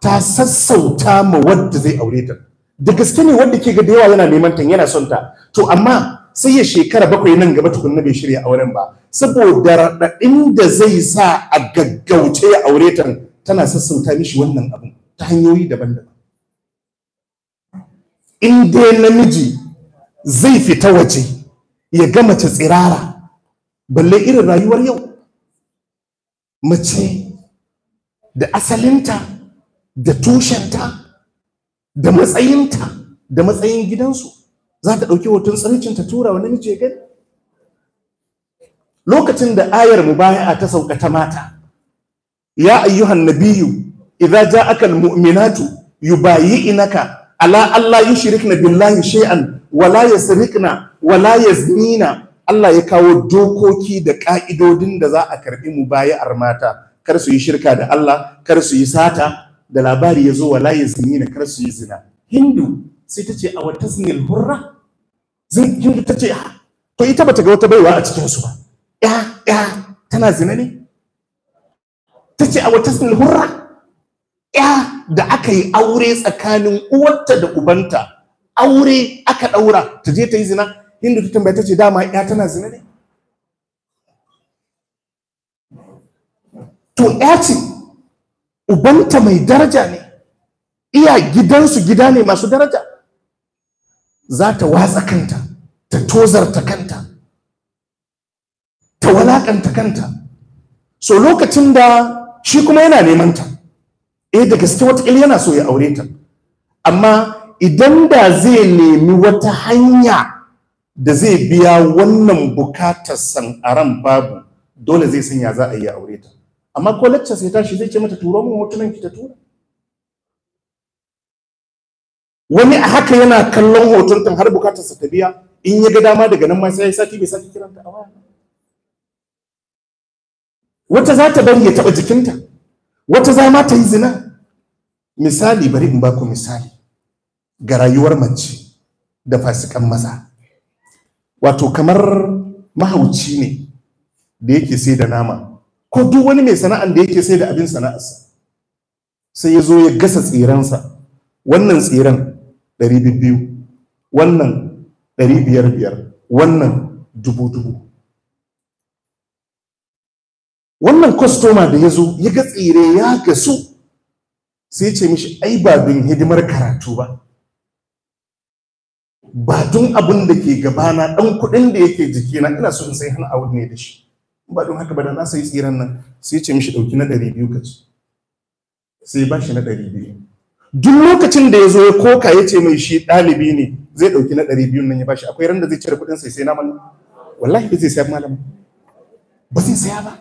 ta sassauta ma wadda zai aure ta da gaske ne wadda ke ga da yawa yana neman ta yana son ta to amma sai ya shekara bakwai nan gaba tukunna bai shirya auren ba saboda raɗaɗin da zai sa a gaggauce ya aure ta tana sassauta mishi wannan abu ta hanyoyi daban-daban in dai namiji zai fita waje ya ga mace tsirara balle irin rayuwar yau mace da asalinta da tushenta da matsayinta da matsayin gidansu za ta ɗauki hoton tsaricin ta tura wa namiji ya gani lokacin da ayar mubaya'a ta sauka ta mata ya ayyuhan nabiyu idza ja'aka almu'minatu inaka. ala alla yushrikna billahi shay'an wala yasriqna wala yaznina Allah ya kawo dokoki da ka'idodin da za a karbi mubaya'ar mata kar su yi shirka da Allah kar su yi sata da labari ya zo wala yaznina kar su yi zina hindu sai ta ce a wata sinil hurra zan yi ta ce ah, to ita bata ga wata baiwa a cikinsu ba ya ya tana zina ne ta ce a wata sinil hurra ya da aka yi aure tsakanin uwarta da ubanta aure aka ɗaura ta je ta yi zina inda ta tambaya ta ce dama ya tana zina ne to ya ce ubanta mai daraja ne iya gidansu gida ne masu daraja za ta watsa kanta ta tozarta kanta ta walakanta kanta so lokacin da shi kuma yana neman ta eh da gaske wataƙila yana so ya aure ta amma idan da zai nemi wata hanya da zai biya wannan bukatar aran babu dole zai sanya za a yi aure ta amma ko lecture sai tashi zai ce mata turo min hotunan ki ta tura wani a haka yana kallon hoton kan har bukatar sa ta biya in ya ga dama daga nan ma sai ya sati bai sati kiranta a waya wata za ta bari ya taba jikinta wata za ma ta yi zina misali bari in baku misali ga rayuwar mace da fasikan maza wato kamar mahauci ne da yake sai da nama ko duk wani mai sana'an da yake sai da abin sana'arsa sai ya zo ya gasa tsiransa wannan tsiran ɗari biyu wannan ɗari biyar biyar wannan dubu dubu wannan kwastoma da ya zo ya ga tsire ya gasu sai ce mishi ai ba don hidimar karatu ba ba don abin da ke gabana ɗan kuɗin da yake jikina ina so in sai hana awud ne da shi ba don haka ba da na sai tsiran nan sai ce mishi ɗauki na ɗari biyu ka ci sai ba shi na ɗari biyu duk lokacin da ya zo ya koka ya ce mai shi ɗalibi ne zai ɗauki na ɗari biyun nan ya bashi akwai ran da zai cire kuɗin sai sai na malam wallahi ba zai saya malam ba zai saya ba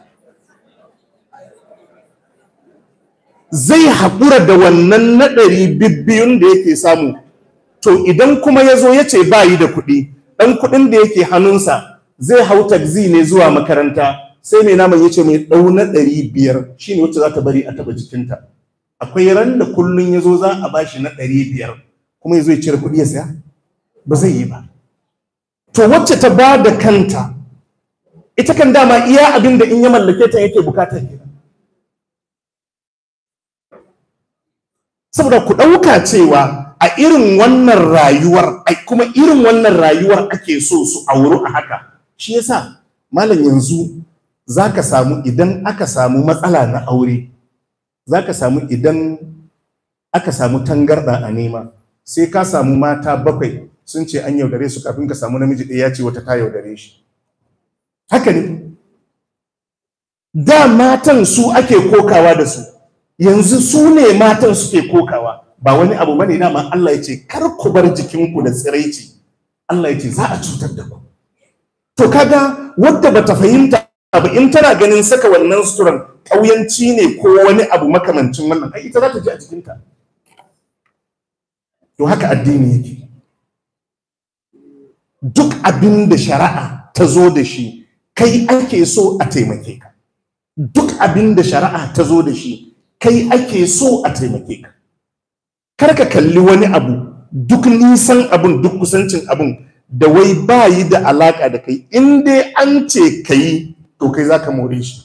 zai haƙura da wannan na ɗari biyun da yake samu to idan kuma ya zo ya ce ba yi da kuɗi ɗan kuɗin da yake hannunsa zai hau takzi ne zuwa makaranta sai mai naman ya ce mai ɗau na ɗari biyar shine wacce za ta bari a taɓa jikinta akwai ran da kullun ya zo za a bashi na ɗari biyar kuma ya zo ya cire kuɗi ya saya ba zai yi ba to wacce ta ba da kanta ita kan dama iya abin da in ya mallake ta yake bukata gida. saboda ku ɗauka cewa a irin wannan rayuwar kuma irin wannan rayuwar ake so su auru a haka shi yasa malam yanzu zaka samu idan aka samu matsala na aure za ka samu idan aka samu tangarɗa a nema sai ka samu mata bakwai sun ce an yaudare su kafin ka samu namiji ɗaya ce wata ta yaudare shi haka ne da matan su ake kokawa da su yanzu su ne matan suke kokawa ba wani abu bane dama Allah ya ce kar ku bar jikinku da tsiraici Allah ya ce za a cutar da ku to kaga wadda bata fahimta abu in tana ganin saka wannan suturan ƙauyanci ne ko wani abu makamancin wannan ai ita za ta ji a jikinta to haka addini yake duk abin da shari'a ta zo da shi kai ake so a taimake ka duk abin da shari'a ta zo da shi kai ake so a taimake ka kar ka kalli wani abu duk nisan abun duk kusancin abun da wai bayi da alaka da kai in dai an ce ka to kai ka more shi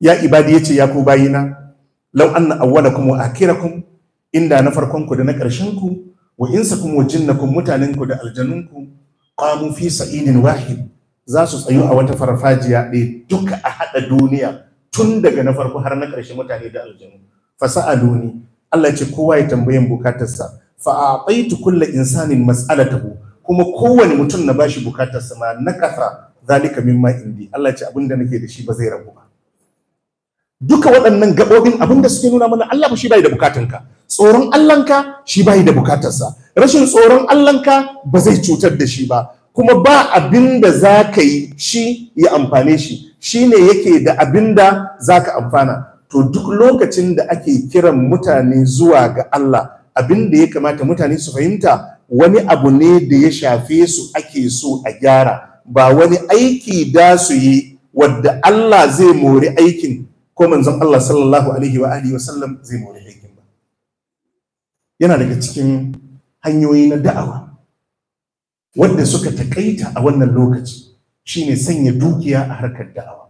ya ibadi yace ya ku bayina law anna awwalakum wa akhirakum inda na farkon ku da na ƙarshen ku wa insakum wa jinnakum mutanen ku da aljanun ku qamu fi sa'inin wahid za su tsayu a wata farfajiya ɗaya duka a haɗa duniya tun daga na farko har na karshe mutane da aljanu ne. Allah ce kowa ya tambayin bukatarsa fa a'taitu kulli insanin mas'alatahu kuma kowane mutum na bashi sa ma na kafa zalika mimma indi Allah ya ce abinda nake da shi ba zai rabu ba duka waɗannan gaɓoɓin abinda suke nuna mana Allah ba shi bai da bukatunka tsoron Allahnka shi bai da bukatarsa rashin tsoron Allahnka ba zai cutar da shi ba kuma ba abinda da za ka yi shi ya amfane shi shi ne yake da abinda da za ka amfana to duk lokacin da ake kiran mutane zuwa ga Allah abinda ya kamata mutane su fahimta wani abu ne da ya shafe su ake so a gyara ba wani aiki da su yi wadda Allah zai mori aikin ko manzon Allah sallallahu alaihi wa alihi wa sallam zai mori aikin ba yana daga cikin hanyoyi na da'awa wadda suka takaita a wannan lokaci shine sanya dukiya a harkar da'awa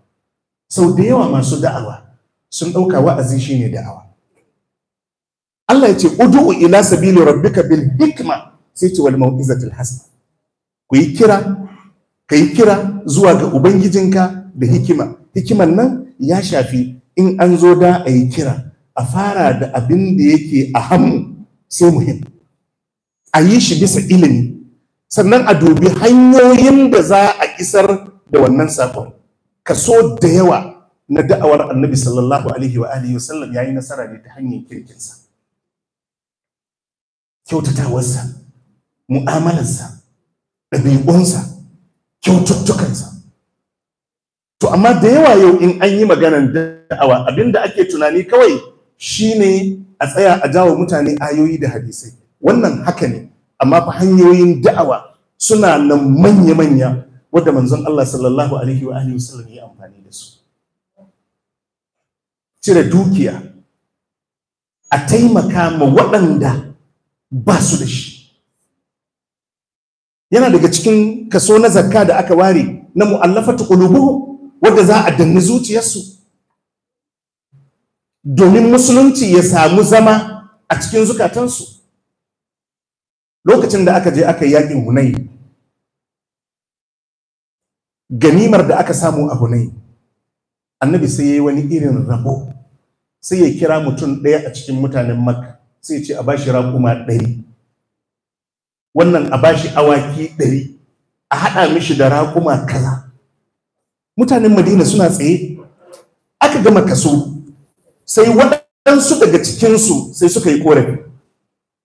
sau da yawa masu da'awa sun ɗauka wa'azi shine da'awa Allah ya ce ud'u ila sabili rabbika bil hikma sai ce wal mau'izatil hasana ku yi kira ka yi kira zuwa ga ubangijinka da hikima hikiman nan ya shafi in an zo da a yi kira a fara da abin da yake a hannu sai muhim a yi shi bisa ilimi sannan a dubi hanyoyin da za a isar da wannan sakon kaso da yawa na da'awar annabi sallallahu alaihi wa alihi wasallam yi nasara ne ta hanyar kirkinsa kyautatawarsa mu'amalarsa ɗabi'unsa kyaututtukansa to amma da yawa yau in an yi maganar da'awa abinda ake tunani kawai shine a tsaya a jawo mutane ayoyi da hadisai wannan haka ne amma fa hanyoyin da'awa suna nan manya-manya wadda manzon Allah sallallahu alaihi wa alihi wasallam ya amfani da su cire dukiya a taimaka ma waɗanda ba su da shi yana daga cikin kaso na zakka da aka ware na mu'allafatu qulubuhum wanda za a danni zuciyarsu domin musulunci ya samu zama a cikin zukatansu lokacin da aka je aka yi yakin hunayi ganimar da aka samu a hunai, annabi sai ya yi wani irin rabo sai ya kira mutum ɗaya a cikin mutanen makka sai ya ce a bashi raƙuma ɗari wannan a bashi awaki ɗari a haɗa mishi da raƙuma kaza mutanen madina suna tsaye aka gama kaso sai waɗansu daga cikinsu sai suka yi ƙorafi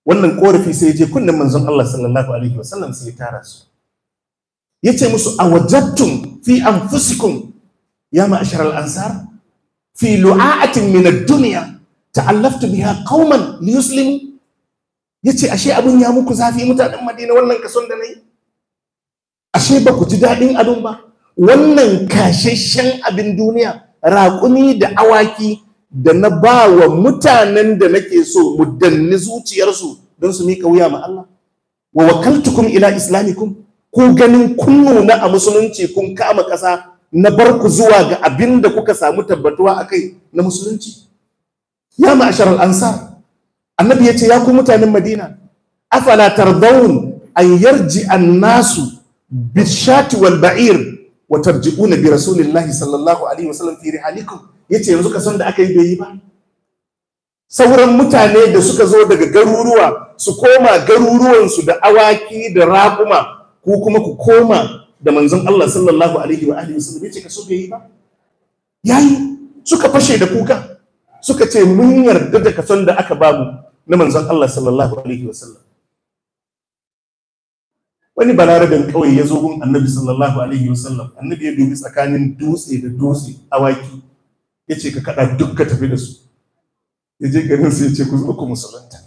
wannan ƙorafi sai ya je kunnen manzon Allah sallallahu alaihi wasallam sai ya tara su ya ce musu a wajattum fi anfusikum ya ma'ashar al'ansar fi lu'a'atin min ad-dunya ta'allaftu biha qauman li yuslimu ya ce ashe abin ya muku zafi mutanen madina wannan kason da na yi ashe ba ku ji daɗin abin ba wannan kashashen abin duniya raƙumi da awaki da na ba wa mutanen da nake so mu danni zuciyarsu don su miƙa wuya ma Allah wa wakaltukum ila islamikum ku ganin kun nuna a musulunci kun kama ƙasa na barku zuwa ga abin da kuka samu tabbatuwa a kai na musulunci ya ma'ashar ansar annabi ya ce ya ku mutanen madina afala tardawun an yarji nasu bishati wal ba'ir wa tarji'una bi rasulillahi sallallahu alaihi wasallam fi rihalikum yace yanzu ka san da aka yi bai yi ba sauran mutane da suka zo daga garuruwa su koma garuruwansu da awaki da raƙuma ko kuma ku koma da manzon Allah sallallahu alaihi wa alihi wasallam yace ka so bai yi ba yayi suka fashe da kuka suka ce mun yarda da kason da aka bamu na manzon Allah sallallahu alaihi wa sallam. wani balaraben kawai ya zo gun annabi sallallahu alaihi wa sallam. annabi ya dubi tsakanin dutse da dutse awaki ya ce ka kada duk ka tafi da su ya je garin su ya ce ku zo ku musulunta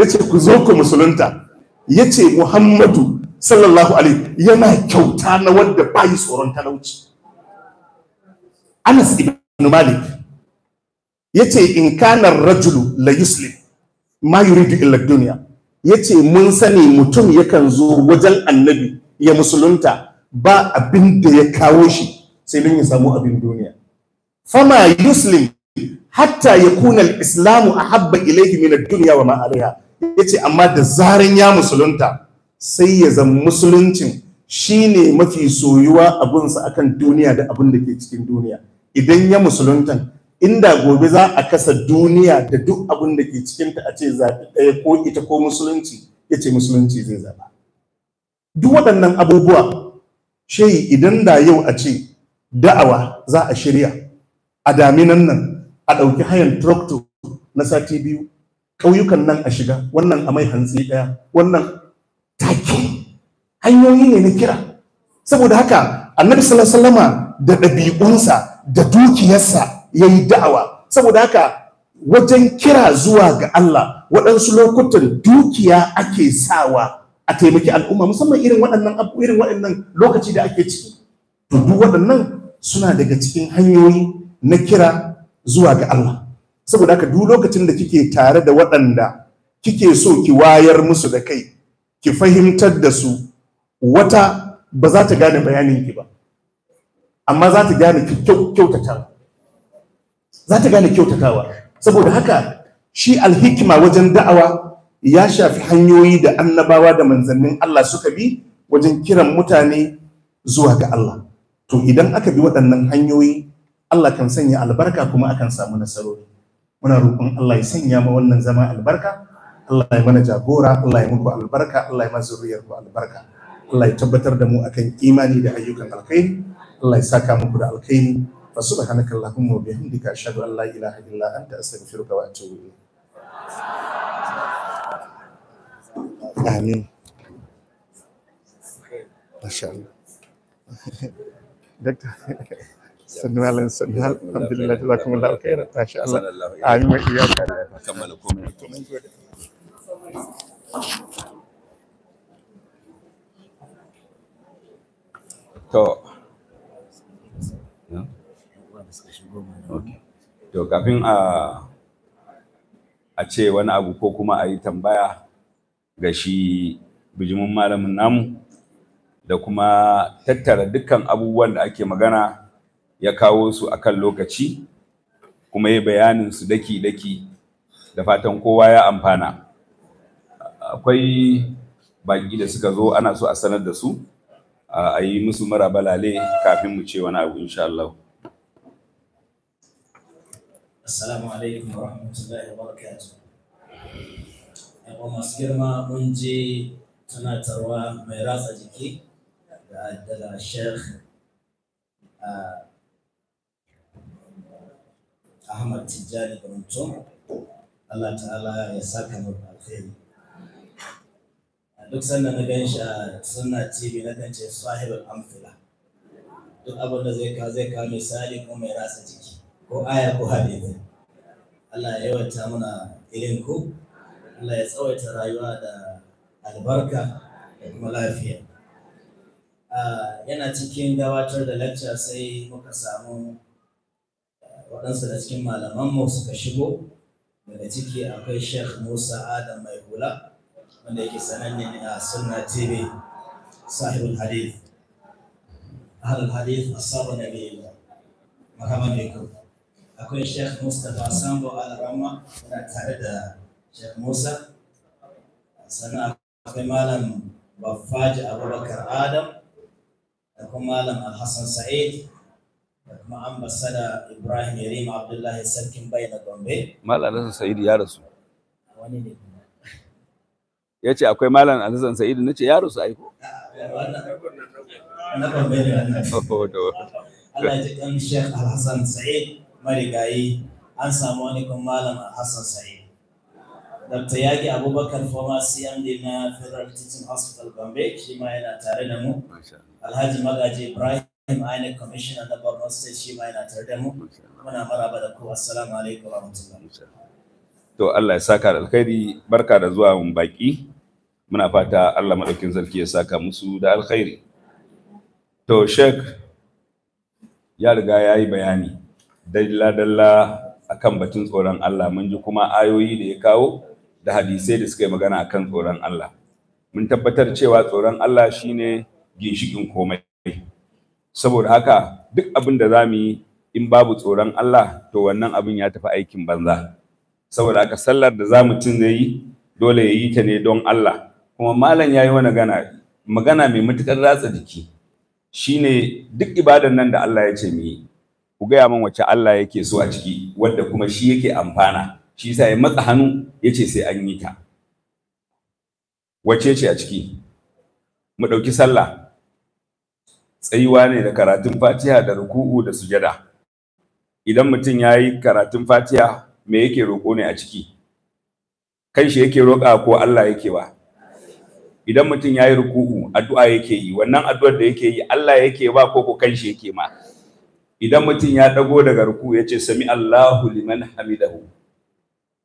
ya ce ku zo ku musulunta ya ce muhammadu sallallahu alaihi yana kyauta na wanda bayi tsoron talauci anas ibn malik yace in kana rajulu la yuslim ma yuridu illa dunya yace mun sani mutum yakan zo wajen annabi ya musulunta ba abin da ya kawo shi sai don ya samu abin duniya fama yuslim hatta ya kunal islamu a habba ilaihi min ad-dunya wa ma alaiha yace amma da zaran ya musulunta sai ya zama musuluncin shine mafi soyuwa abunsa akan duniya da abin da ke cikin duniya idan ya musuluntan inda gobe za a kasa duniya da duk abin da ke cikinta a ce zaɓi ɗaya ko ita ko musulunci ya ce musulunci zai zaɓa duk waɗannan abubuwa shehi idan da yau a ce da'awa za a shirya a daminan nan a ɗauki hayan tractor na sati biyu ƙauyukan nan a shiga wannan a mai hantsi ɗaya wannan take hanyoyi ne na kira saboda haka annabi sallallahu alaihi wasallama da ɗabi'unsa da dukiyarsa ya yi da'awa saboda haka wajen kira zuwa ga Allah waɗansu lokutan dukiya ake sawa a taimaki al'umma musamman irin waɗannan irin waɗannan lokaci da ake ciki to duk waɗannan suna daga cikin hanyoyi na kira zuwa ga Allah saboda haka duk lokacin da kike tare da waɗanda kike so ki wayar musu da kai ki fahimtar da su wata ba za ta gane bayanin ki ba amma za ta gane ki kyautata za ta gane kyautatawa saboda haka shi alhikima wajen da'awa ya shafi hanyoyi da annabawa da manzannin Allah suka bi wajen kiran mutane zuwa ga Allah to idan aka bi waɗannan hanyoyi Allah kan sanya albarka kuma akan samu nasarori muna roƙon Allah ya sanya ma wannan zama albarka Allah ya mana jagora Allah ya muku albarka Allah ya ma zuriyar albarka Allah ya tabbatar da mu akan imani da ayyukan alkhairi Allah ya saka muku da alkhairi fa subhanaka amin masha To kafin a a ce wani abu ko kuma a yi tambaya ga shi bijimin malamin namu da kuma tattara dukkan abubuwan da ake magana ya kawo su a kan lokaci kuma ya bayanin su daki-daki da fatan kowa ya amfana. Akwai baki da suka zo ana so a sanar da su a yi musu marabalale kafin mu ce wani abu insha Allah. Assalamu alaikum wa rahmatullahi wa barakatuh. masu girma mun je tunatarwa mai ratsa jiki da daga Sheikh Ahmad Tijjani Baruntum. Allah ta'ala ya saka mu alkhairi. Duk sanda na gan shi a sunna TV na kan ce amfila. Duk abin da zai ka zai ka misali ko mai ratsa jiki. ko aya ko hadisi Allah ya yawaita mana irin ku Allah ya tsawaita rayuwa da albarka da kuma lafiya yana cikin gabatar da lecture sai muka samu waɗansu da cikin malamanmu suka shigo daga ciki akwai sheikh musa adam mai hula wanda yake sananne a sunna tv sahibul hadith ahlul hadith asaba nabiyyi marhaban akwai Sheikh Mustapha Sambo Alarama yana tare da Sheikh Musa sannan akwai Malam Bafaji Abubakar Adam da kuma Malam Alhassan Sa'id da kuma ambasada Ibrahim Yarim Abdullahi Sarkin Bai na Gombe. Malam Alhassan Sa'id ya rasu. Wani ne ya ce akwai malam alhassan Sa'id na ce ya rasu aiko na gombe ne wannan Allah ya ji kan Sheikh Alhassan Sa'id marigayi an samu wani kun malam Hassan Sa'id. Dr. Yaki Abubakar former CMD na Federal Teaching Hospital Gombe shi ma yana tare da mu. Alhaji Magaji Ibrahim INEC Commissioner na Borno State shi ma yana tare da mu. Muna maraba da ku assalamu alaikum wa rahmatullahi. To Allah ya saka da alkhairi barka da zuwa mun baki. Muna fata Allah madaukin sarki ya saka musu da alkhairi. To Sheikh ya riga ya yi bayani dalla-dalla akan batun tsoron Allah mun ji kuma ayoyi da ya kawo da hadisai da suka yi magana a kan tsoron Allah mun tabbatar cewa tsoron Allah shi ne ginshikin komai saboda haka duk abin da mu yi in babu tsoron Allah to wannan abin ya tafi aikin banza saboda haka sallar da za tun zai yi dole ya yi ta ne don Allah kuma malam ya yi wani magana mai matuƙar ratsa jiki shine duk ibadan nan da Allah ya ce mu yi ku gaya min wacce Allah yake so a ciki wadda kuma shi yake amfana shi sa ya matsa hannu ya ce sai an yi ta wacce ce a ciki mu ɗauki sallah tsayuwa ne da karatun fatiha da ruku'u da sujada idan mutum ya yi karatun fatiha me yake roƙo ne a ciki kan shi yake roƙa ko Allah yake ba? idan mutum ya yi ruku'u addu'a yake yi wannan addu'ar da yake yi Allah yake ba ko ko kan shi yake ma idan mutum ya ɗago daga ruku ya ce sami Allahu liman hamidahu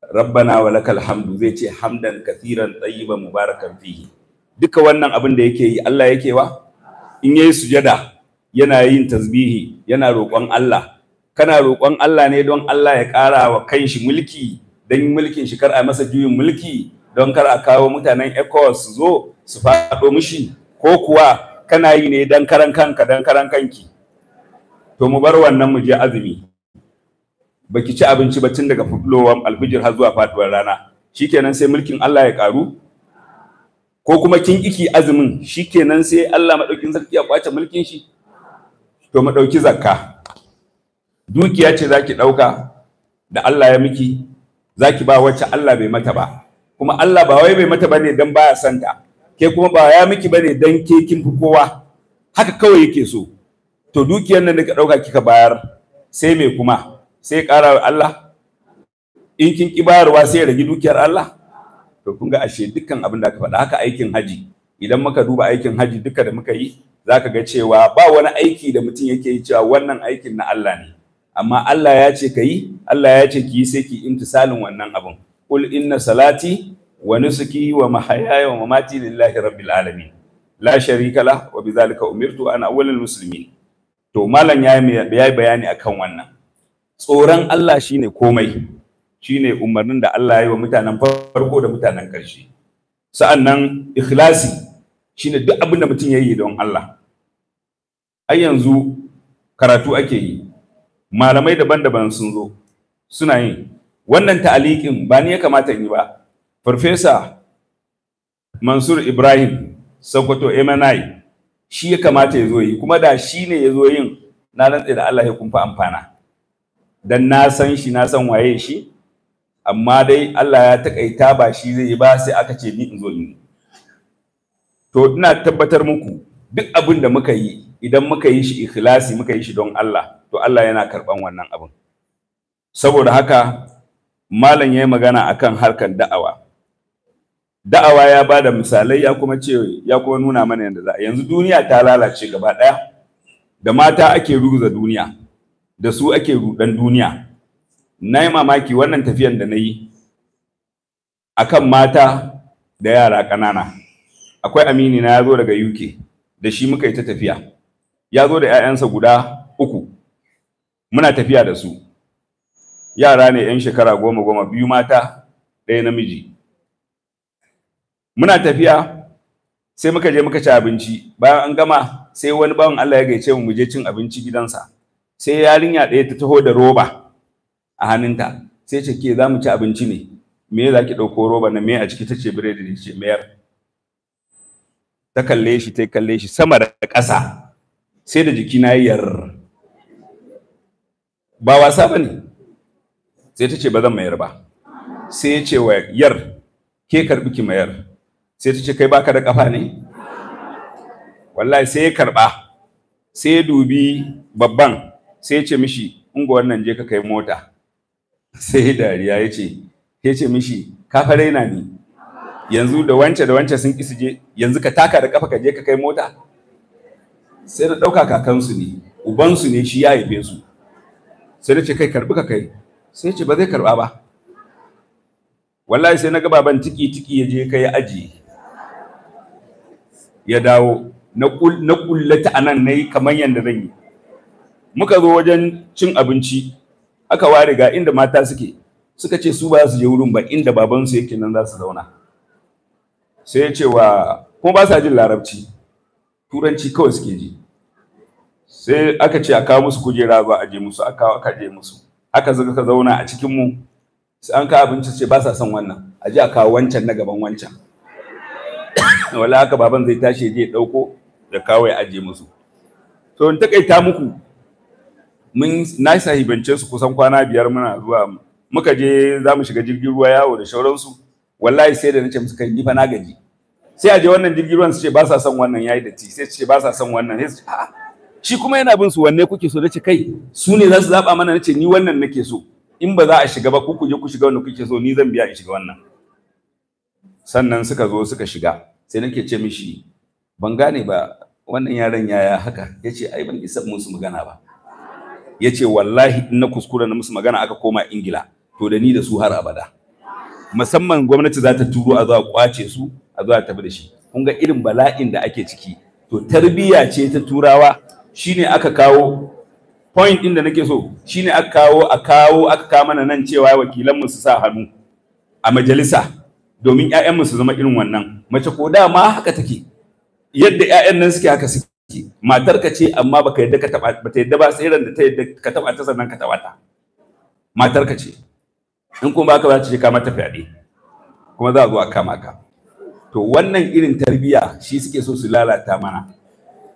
rabbana wa lakal hamdu zai ce hamdan kathiran tayyiban mubarakan fihi duka wannan abin da yake yi Allah yake wa in yayi sujada yana yin tasbihi yana roƙon Allah kana roƙon Allah ne don Allah ya ƙara wa kan shi mulki don mulkin shi kar a masa juyin mulki don kar a kawo mutanen ECOWAS su zo su faɗo mishi ko kuwa kana yi ne don karan kanka don karan kanki to mu bar wannan mu je azumi baki ci abinci ba tun daga fullowar alfijir har zuwa faduwar rana shikenan sai mulkin Allah ya karu ko kuma kin iki azumin shikenan sai Allah madaukin sarki ya kwace mulkin shi to mu dauki zakka dukiya ce zaki dauka da Allah ya miki zaki ba wacce Allah bai mata ba kuma Allah ba wai bai mata bane dan baya santa ke kuma ba ya miki bane dan ke kin fi kowa haka kawai yake so to dukiyar nan da ka ɗauka kika bayar sai me kuma sai ƙara Allah in kin ki bayarwa sai rage dukiyar Allah to kun ga ashe dukkan abin da ka faɗa haka aikin haji idan muka duba aikin haji duka da muka yi zaka ga cewa ba wani aiki da mutum yake yi cewa wannan aikin na Allah ne amma Allah ya ce ka yi Allah ya ce ki yi sai ki intisalin wannan abin qul inna salati wa nusuki wa mahayaya wa mamati lillahi rabbil alamin la sharika lah wa bidhalika umirtu ana awwalul muslimin to malam ya yi bayani akan wannan tsoron Allah shine komai shine umarnin da Allah ya yi wa mutanen farko da mutanen ƙarshe sa'annan ikhlasi shine duk abin da mutum ya yi don Allah ai yanzu karatu ake yi malamai daban-daban sun zo suna yin wannan ta'aliƙin ba ni ya kamata in yi ba farfesa mansur ibrahim sokoto mni shi ya kamata ya zo yi kuma da shi ne ya zo yin na rantse da Allah ya kumfa amfana dan na san shi na san waye shi amma dai Allah ya takaita ba shi zai yi ba sai aka ce ni in zo ni to ina tabbatar muku duk abin da muka yi idan muka yi shi ikhlasi muka yi shi don Allah to Allah yana karban wannan abin saboda haka malam ya yi magana akan harkar da'awa da'awa ya ba da misalai ya kuma ce ya kuma nuna mana yadda za yanzu duniya ta lalace gaba ɗaya da mata ake ruza duniya da su ake rudan duniya na yi mamaki wannan tafiyan da na yi a kan mata da yara ƙanana akwai amini na ya zo daga uk da shi muka yi ta tafiya ya zo da 'ya'yansa guda uku muna tafiya da su yara ne 'yan shekara goma goma biyu mata ɗaya namiji muna tafiya sai muka je muka ci abinci bayan an gama sai wani bawan Allah ya gaice mu je cin abinci gidansa sai yarinya ɗaya ta taho da roba a hannunta sai ce ke za mu ci abinci ne me za ki ɗauko roba na me a ciki ta ce biredi ne ce mayar ta kalle shi ta kalle shi sama da ƙasa sai da jiki na yar ba wasa ba ne sai ta ce ba zan mayar ba sai ya ce wa yar ke karɓi ki mayar sai ta ce kai baka da kafa ne wallahi sai ya karba sai ya dubi babban sai ya ce mishi ungo wannan je ka kai mota sai dariya ya ce ya ce mishi ka fa raina ni yanzu da wance da wance sun kisu je yanzu ka taka da kafa ka je ka kai mota sai da ɗauka kakansu ne ubansu ne shi ya haife su sai da ce kai karbi ka kai sai ce ba zai karba ba wallahi sai na gaba ban tiki tiki ya je kai aji ya dawo na kullata a nan na yi kamar yadda zan yi muka zo wajen cin abinci aka ware ga inda mata suke suka ce su ba su je wurin ba inda babansu yake nan za su zauna sai ya ce wa kuma ba sa jin larabci turanci kawai suke ji sai aka ce a kawo musu kujera ba a je musu aka aka je musu aka ka zauna a cikin mu sai an kawo abinci ce ba sa son wannan a je a kawo wancan na gaban wancan wala haka baban zai tashi je dauko da kawai aje musu to in takaita muku mun na sahibance su kusan kwana biyar muna zuwa muka je za mu shiga jirgin ruwa yawo da shauransu wallahi sai da nace musu kai ni fa na gaji sai a je wannan jirgin ruwan su ce ba sa son wannan yayi da ti sai su ce ba sa son wannan sai a'a shi kuma yana bin su wanne kuke so nace kai su ne za su zaba mana nace ni wannan nake so in ba za a shiga ba ku ku je ku shiga wanda kuke so ni zan biya in shiga wannan sannan suka zo suka shiga sai nake ce mishi ban gane ba wannan yaron yaya haka ya ce ai ban isa musu magana ba ya ce wallahi in na kuskura na musu magana aka koma ingila to da ni da su har abada musamman gwamnati za ta turo a zuwa kwace su a zuwa tafi da shi kun ga irin bala'in da ake ciki to tarbiyya ce ta turawa shine aka kawo point din da nake so shine aka kawo a kawo aka kawo mana nan cewa wakilan mu su sa hannu a majalisa domin 'ya'yanmu su zama irin wannan mace ko da ma haka take yadda ƴaƴan nan suke haka suke matar ka ce amma baka yadda ka taba bata yadda ba sai ran da ta yadda ka taba ta sannan ka taba ta matar ka ce in kuma baka za ta ce ka mata fyaɗe kuma za a zo a kama ka to wannan irin tarbiya shi suke so su lalata mana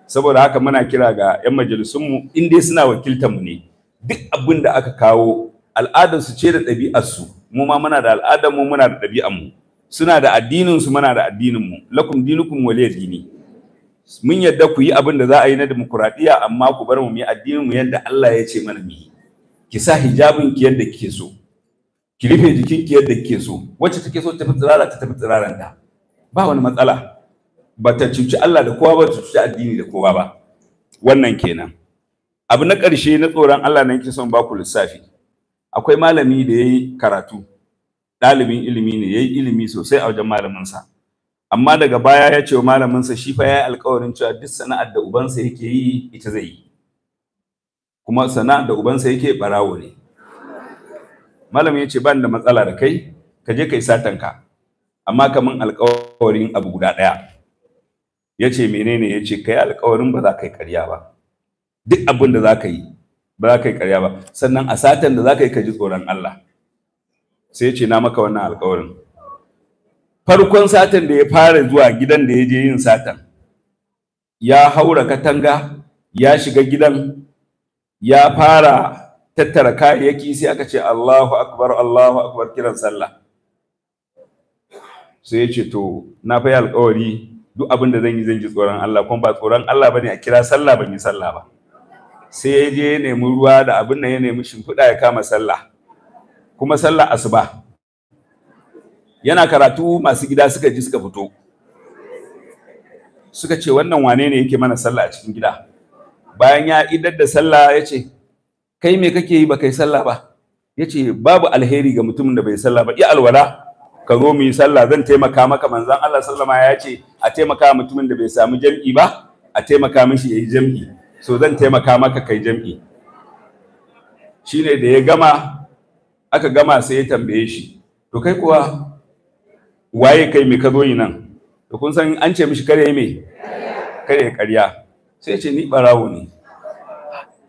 saboda haka muna kira ga 'yan majalisunmu in dai suna wakiltar mu ne duk abin da aka kawo al'adarsu ce da ɗabi'arsu mu ma muna da al'adar mu muna da ɗabi'armu. mu suna da addinin su muna da addinin mu lakum dinukum waliy dini mun yadda ku yi abin da za a yi na demokuraɗiyya amma ku bar mu mu yi addinin mu yadda Allah ya ce mana mu ki sa hijabin ki yadda kike so ki rufe jikin ki yadda kike so wacce take so ta fitsirara ta tafi tsiraranta. ba wani matsala ba ta cuci Allah da kowa ba ta cuci addini da kowa ba wannan kenan abu na ƙarshe na tsoron Allah na ke son ba ku lissafi akwai malami da ya yi karatu ɗalibin ilimi ne yayi ilimi sosai a wajen malaminsa amma daga baya ya ce wa malaminsa shi fa yayi alƙawarin cewa duk sana'ar da ubansa yake yi ita zai yi kuma sana'ar da ubansa yake barawo ne malami ya ce ban da matsala da kai ka je kai ka, amma kaman alƙawarin abu guda ɗaya ya ce menene ya ce kai alkawarin ba za ka yi ƙarya ba duk abin da za ka yi ba za ka yi ƙarya ba sannan a satan da za ka yi ka ji tsoron Allah sai ce na maka wannan alkawarin farkon satan da ya fara zuwa gidan da ya je yin satan ya haura katanga ya shiga gidan ya fara tattara kayayyaki sai aka ce Allahu akbar Allahu akbar kiran sallah sai ya ce to na fa yi alkawari duk abin da zan yi zan ji tsoron Allah kuma ba tsoron Allah bane a kira sallah ban yi sallah ba sai ya je ya nemi ruwa da abin nan ya nemi shimfiɗa ya kama sallah kuma sallar asuba yana karatu masu gida suka ji suka fito suka ce wannan wane ne yake mana sallah a cikin gida bayan ya idar da sallah ya ce kai me kake yi ba kai sallah ba ya ce babu alheri ga mutumin da bai sallah ba ya alwala ka zo mu yi sallah zan taimaka maka manzan Allah sallama ya ce a taimaka mutumin da bai samu jam'i ba a taimaka mishi yayi jam'i so zan taimaka maka kai jam'i shine da ya gama aka gama sai ya tambaye shi to kai kuwa waye kai me ka zo yi nan to kun san an ce mishi kare me kare karya sai ce ni barawo ne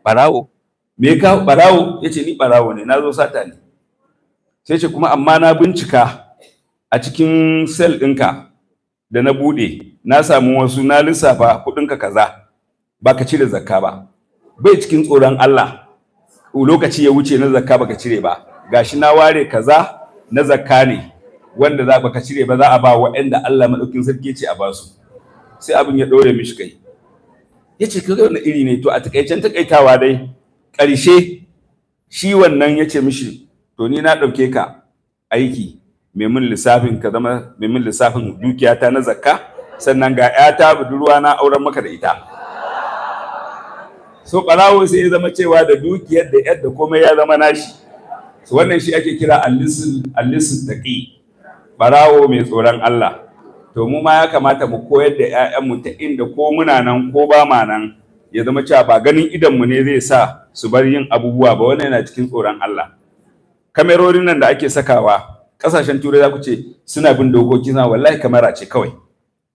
barawo me ka barawo yace ni barawo ne na zo sata ne sai ce kuma amma na bincika a cikin sel ɗinka da na buɗe na samu wasu na lissafa kuɗinka kaza ba ka cire zakka ba bai cikin tsoron Allah lokaci ya wuce na zakka baka cire ba gashi na ware kaza na zakka ne wanda za ka cire ba za a ba wa waɗanda Allah madaukin sarki ce a basu sai abin ya dore mishi kai ya ce kai wani iri ne to a takaicen takaitawa dai ƙarshe shi wannan ya ce mishi to ni na ɗauke ka aiki mai min lissafin ka zama mai min lissafin dukiyata na zakka sannan ga 'yata budurwa na auren maka da ita so ɓarawo sai ya zama cewa da dukiyar da yadda komai ya zama nashi su wannan shi ake kira allisul taqi barawo mai tsoron Allah to mu ma ya kamata mu koyar da mu ta inda ko muna nan ko ba ma nan ya zama cewa ba ganin idan mu ne zai sa su bar yin abubuwa ba wannan yana cikin tsoron Allah kamerorin nan da ake sakawa ƙasashen turai za ku ce suna bin dokoki na wallahi kamera ce kawai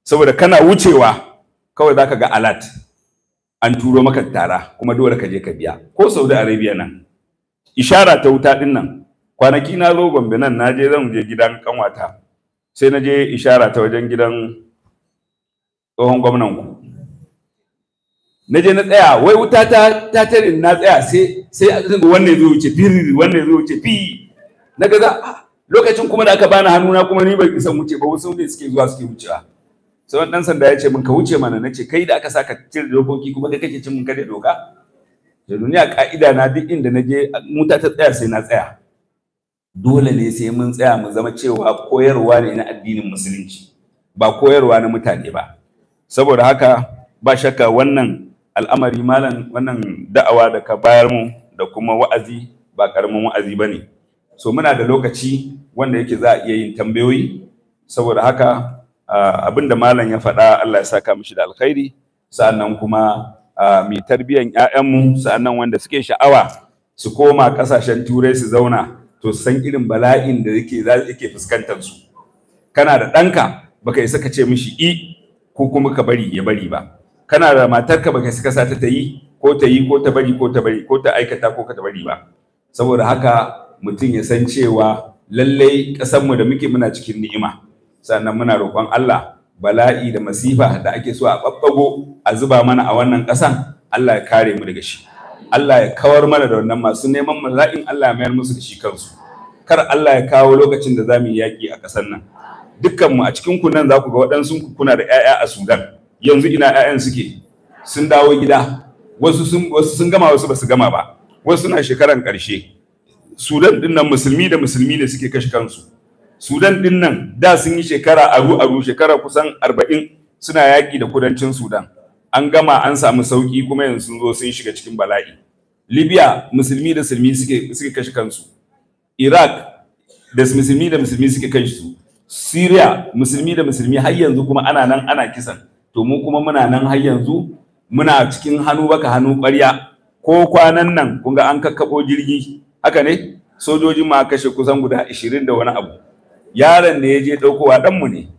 saboda kana wucewa kawai zaka ga alat an turo maka tara kuma dole ka je ka biya ko Saudi Arabia nan ishara ta wuta din nan kwanaki na zo gombe nan na je zan je gidan kanwata sai na je ishara ta wajen gidan tsohon gwamnan ku na je na tsaya wai wuta ta ta tare na tsaya sai sai wanne zai wuce firiri wannan zai wuce fi na ga ah, lokacin kuma da aka bani hannuna kuma ni bai san wuce ba wasu ne suke zuwa suke wucewa sai dan sanda ya ce min ka wuce mana na ce kai da aka saka cire dokoki kuma kai kake cin mun kada doka Da duniya ka'ida na duk inda na je muta ta tsaya sai na tsaya dole ne sai mun tsaya mu zama cewa koyarwa ne na addinin musulunci ba koyarwa na mutane ba saboda haka ba shakka wannan al'amari malam wannan da'awa da ka bayar mu da kuma wa'azi ba karamin wa'azi ba ne so muna da lokaci wanda yake za a iya yin tambayoyi saboda haka ah, abin da malam ya faɗa Allah ya saka mishi da alkhairi sa'annan kuma mai tarbiyan 'ya'yanmu sa'annan wanda suke sha'awa su koma ƙasashen turai su zauna to san irin bala'in da yake za yake fuskantar su kana da ɗanka baka isa ka ce mishi i ko kuma ka bari ya bari ba kana da matarka baka isa ka sa ta yi ko ta yi ko ta bari ko ta bari ko ta aikata ko ka ta bari ba saboda haka mutum ya san cewa lallai ƙasarmu da muke muna cikin ni'ima sannan muna roƙon Allah bala'i da masifa da ake so a babbago a zuba mana a wannan ƙasan Allah ya kare mu daga shi Allah ya kawar mana da wannan masu neman mala'in Allah ya mayar musu da shi kansu kar Allah ya kawo lokacin da zamu yi yaƙi a ƙasan nan dukkanmu a cikin ku nan za ku ga waɗansu kuna da 'ya'ya a Sudan yanzu ina 'ya'yan suke sun dawo gida wasu sun wasu sun gama wasu basu gama ba wasu na shekaran ƙarshe Sudan ɗin nan musulmi da musulmi ne suke kashe kansu sudan din nan da sun yi shekara aru aru shekara kusan arba'in suna yaƙi da kudancin sudan an gama an samu sauƙi kuma yanzu sun zo sun shiga cikin bala'i libya musulmi da musulmi suke suke kashe kansu iraq da musulmi da musulmi suke kashe su syria musulmi da musulmi har yanzu kuma ana nan ana kisan to mu kuma muna nan har yanzu muna cikin hannu baka hannu ƙwarya ko kwanan nan kun ga an kakkaɓo jirgi haka ne sojojin ma kashe kusan guda 20 da wani abu yaron da ya je ɗaukowa ɗanmu ne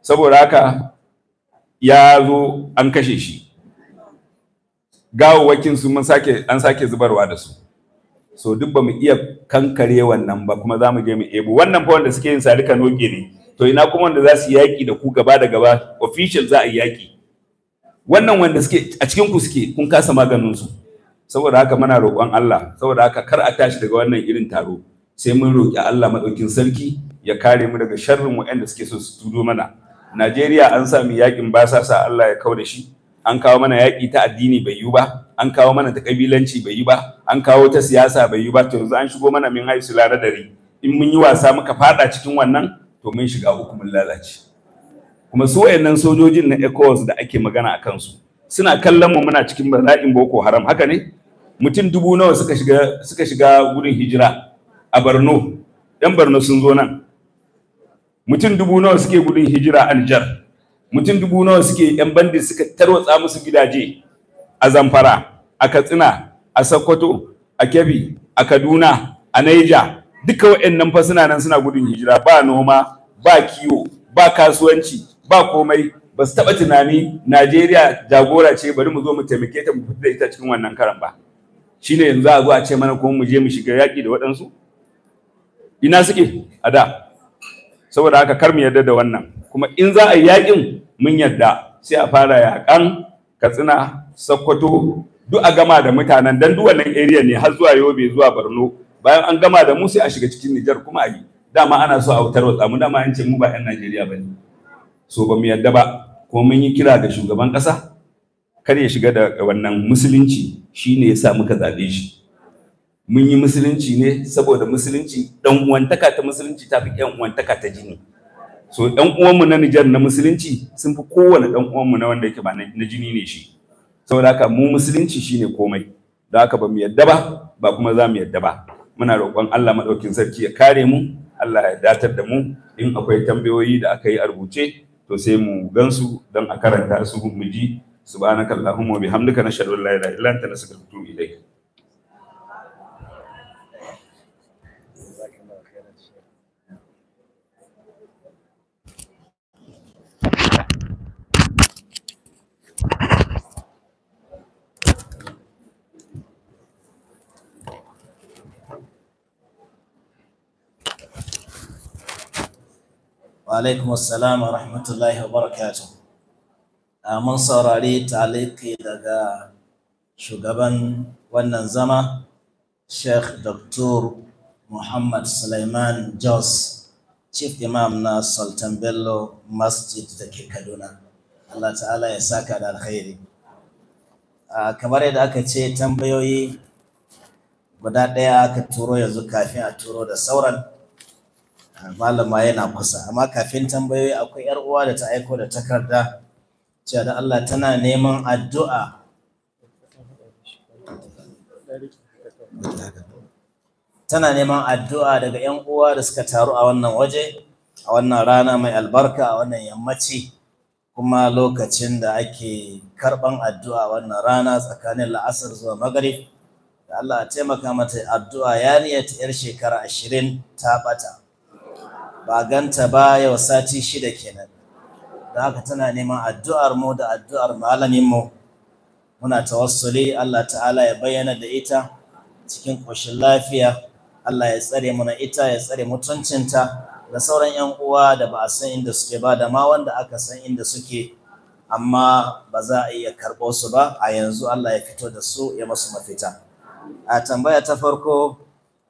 saboda haka ya zo an kashe shi gawawwakin su mun sake an sake zubarwa da su so duk ba mu iya kankare wannan ba kuma za mu je mu ebo wannan fa wanda suke yin sadika noke ne to ina kuma wanda za su yaki da ku gaba da gaba official za a yaki wannan wanda suke a cikin ku suke kun kasa maganin su saboda haka muna roƙon Allah saboda haka kar a tashi daga wannan irin taro sai mun roƙi Allah madaukin sarki ya kare mu daga sharrin waɗanda suke so su tudo mana Najeriya an sami yakin basasa Allah ya kau da shi an kawo mana yaƙi ta addini bai yi ba an kawo mana ta ƙabilanci bai yi ba an kawo ta siyasa bai yi ba to yanzu an shigo mana min haisu laradari in mun yi wasa muka fada cikin wannan to mun shiga hukumin lalace kuma su wayannan sojojin na ECOWAS da ake magana a kansu suna kallon mu muna cikin bala'in Boko Haram haka ne mutum dubu nawa suka shiga suka shiga gudun hijira a Borno yan Borno sun zo nan mutum dubu nawa suke gudun hijira aljar mutum dubu nawa suke yan bandi suka tarwatsa musu gidaje a zamfara a katsina a sokoto a kebbi a kaduna a naija duka waɗannan fa suna nan suna gudun hijira ba noma ba kiwo ba kasuwanci ba komai ba su taɓa tunani najeriya jagora ce bari mu zo mu taimake ta mu fita da ita cikin wannan karan ba shine yanzu a zo a ce mana kuma mu je mu shiga yaƙi da waɗansu ina suke a da saboda haka kar mu yarda da wannan kuma in za a yi yakin mun yarda sai a fara yakan katsina sakkwato duk a gama da mutanen dan duk wannan area ne har zuwa yobe zuwa borno bayan an gama da mu sai a shiga cikin nijar kuma a yi dama ana so a wutar wa tsamu dama an mu ba 'yan najeriya ba ne so ba mu yarda ba kuma mun yi kira ga shugaban ƙasa kar ya shiga da wannan musulunci shine sa muka zaɓe shi mun yi musulunci ne saboda musulunci ɗan uwantaka ta musulunci ta fi ƴan uwantaka ta jini so ɗan uwanmu na Nijar na musulunci sun fi kowane ɗan uwanmu na wanda yake ba na jini ne shi saboda haka mu musulunci shine komai da haka ba mu yadda ba ba kuma za mu yadda ba muna roƙon Allah madaukin sarki ya kare mu Allah ya datar da mu in akwai tambayoyi da aka yi a rubuce to sai mu gansu don a karanta su mu ji subhanakallahumma wa bihamdika nashhadu an la ilaha illa anta nastaghfiruka wa atubu ilaik wa alaikum assalam wa rahmatullahi wa barakatuh ah, mun saurari taliki daga shugaban wannan zama sheikh dr muhammad suleiman jos chief imam na sultan bello masjid da ke kaduna allah ta'ala ya saka da alkhairi ah, kamar yadda aka ce tambayoyi guda ɗaya aka turo yanzu kafin a turo da sauran malama yana kusa amma kafin tambayoyi akwai yar uwa da ta aiko da takarda cewa da Allah tana neman addu'a tana neman addu'a daga yan uwa da suka taru a wannan waje a wannan rana mai albarka a wannan yammaci kuma lokacin da ake karban addu'a wannan rana tsakanin la'asar zuwa magari. da Allah taimaka mata addu'a yariya ta yar shekara ashirin ta bata ba ganta ba yau sati shida kenan da haka tana neman addu'ar mu da addu'ar malamin mu muna tawassuli Allah ta'ala ya bayyana da ita cikin ƙoshin lafiya Allah ya tsare mana ita ya tsare mutuncinta da sauran 'yan uwa da ba a san inda suke ba da ma wanda aka san inda suke amma ba za a iya karɓo su ba a yanzu Allah ya fito da su ya masu mafita a tambaya ta farko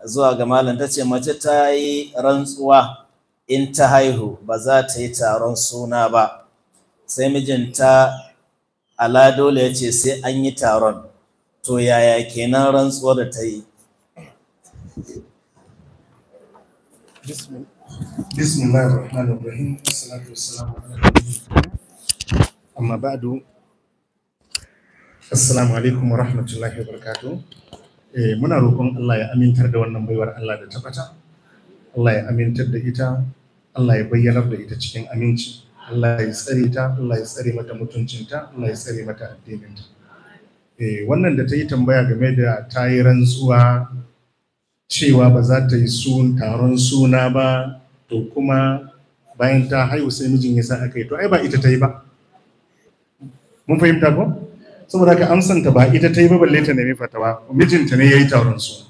zuwa ga malam ta ce mace ta yi rantsuwa in ta haihu ba za ta yi taron suna ba sai mijinta ala dole ya ce sai an yi taron to yaya kenan rantsuwar da ta yi bismillahirrahmanirrahim assalamu alaikum wa rahmatullahi wa barakatuh eh, muna roƙon Allah ya amintar da wannan baiwar Allah da tabbata Allah ya amintar da ita Allah ya bayyanar da ita cikin aminci Allah ya tsare ta Allah ya tsare mata mutuncinta Allah ya tsare mata addininta eh wannan da ta yi tambaya game da ta yi rantsuwa cewa ba za ta yi sun taron suna ba to kuma bayan ta haihu sai mijin ya sa aka yi to ai ba ita ta yi ba mun fahimta ko saboda ka amsanta ba ita ta yi ba balle ta nemi fatawa mijinta ne ya yi taron suna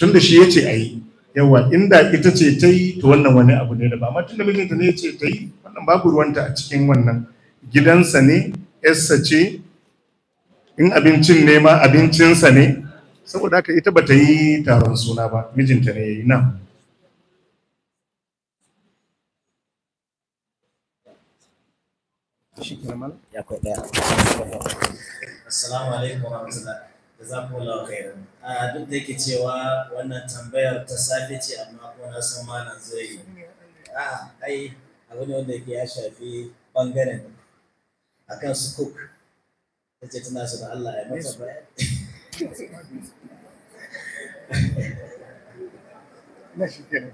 tunda shi ya ce a yi yawa inda ita ce ta yi to wannan wani abu ne da ba amma da mijinta ne ce ta yi wannan babu ruwanta a cikin wannan gidansa ne yasa ce in abincin ne ma abincinsa ne saboda haka ita bata yi taron suna ba mijinta ne ya yi nan Assalamu alaikum warahmatullahi za jazakumullahu khairan a duk da yake cewa wannan tambayar ta safe ce amma kuma na san malam zai a ai abu wanda yake ya shafi bangaren akan su cook ta ce tana su da Allah ya mata bayani na shi kenan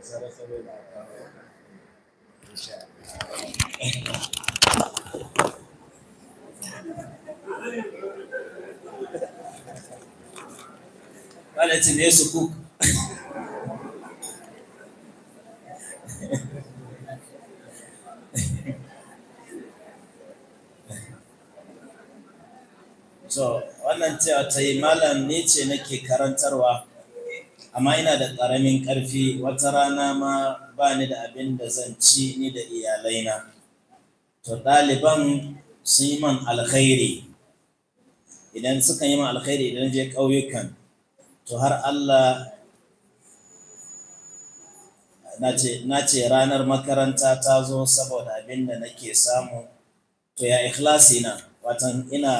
sarar saboda insha Allah Wala ce ne su So, wannan cewa ta yi malam ne ce nake karantarwa, amma ina da ƙaramin ƙarfi wata rana ma bani da abin da zan ci ni da iyalaina. To, ɗaliban sun yi man alkhairi. idan suka yi ma alkhairi idan je ƙauyukan to har Allah na ce ranar makaranta ta zo saboda abin da nake samu to ya ikhlasi na watan ina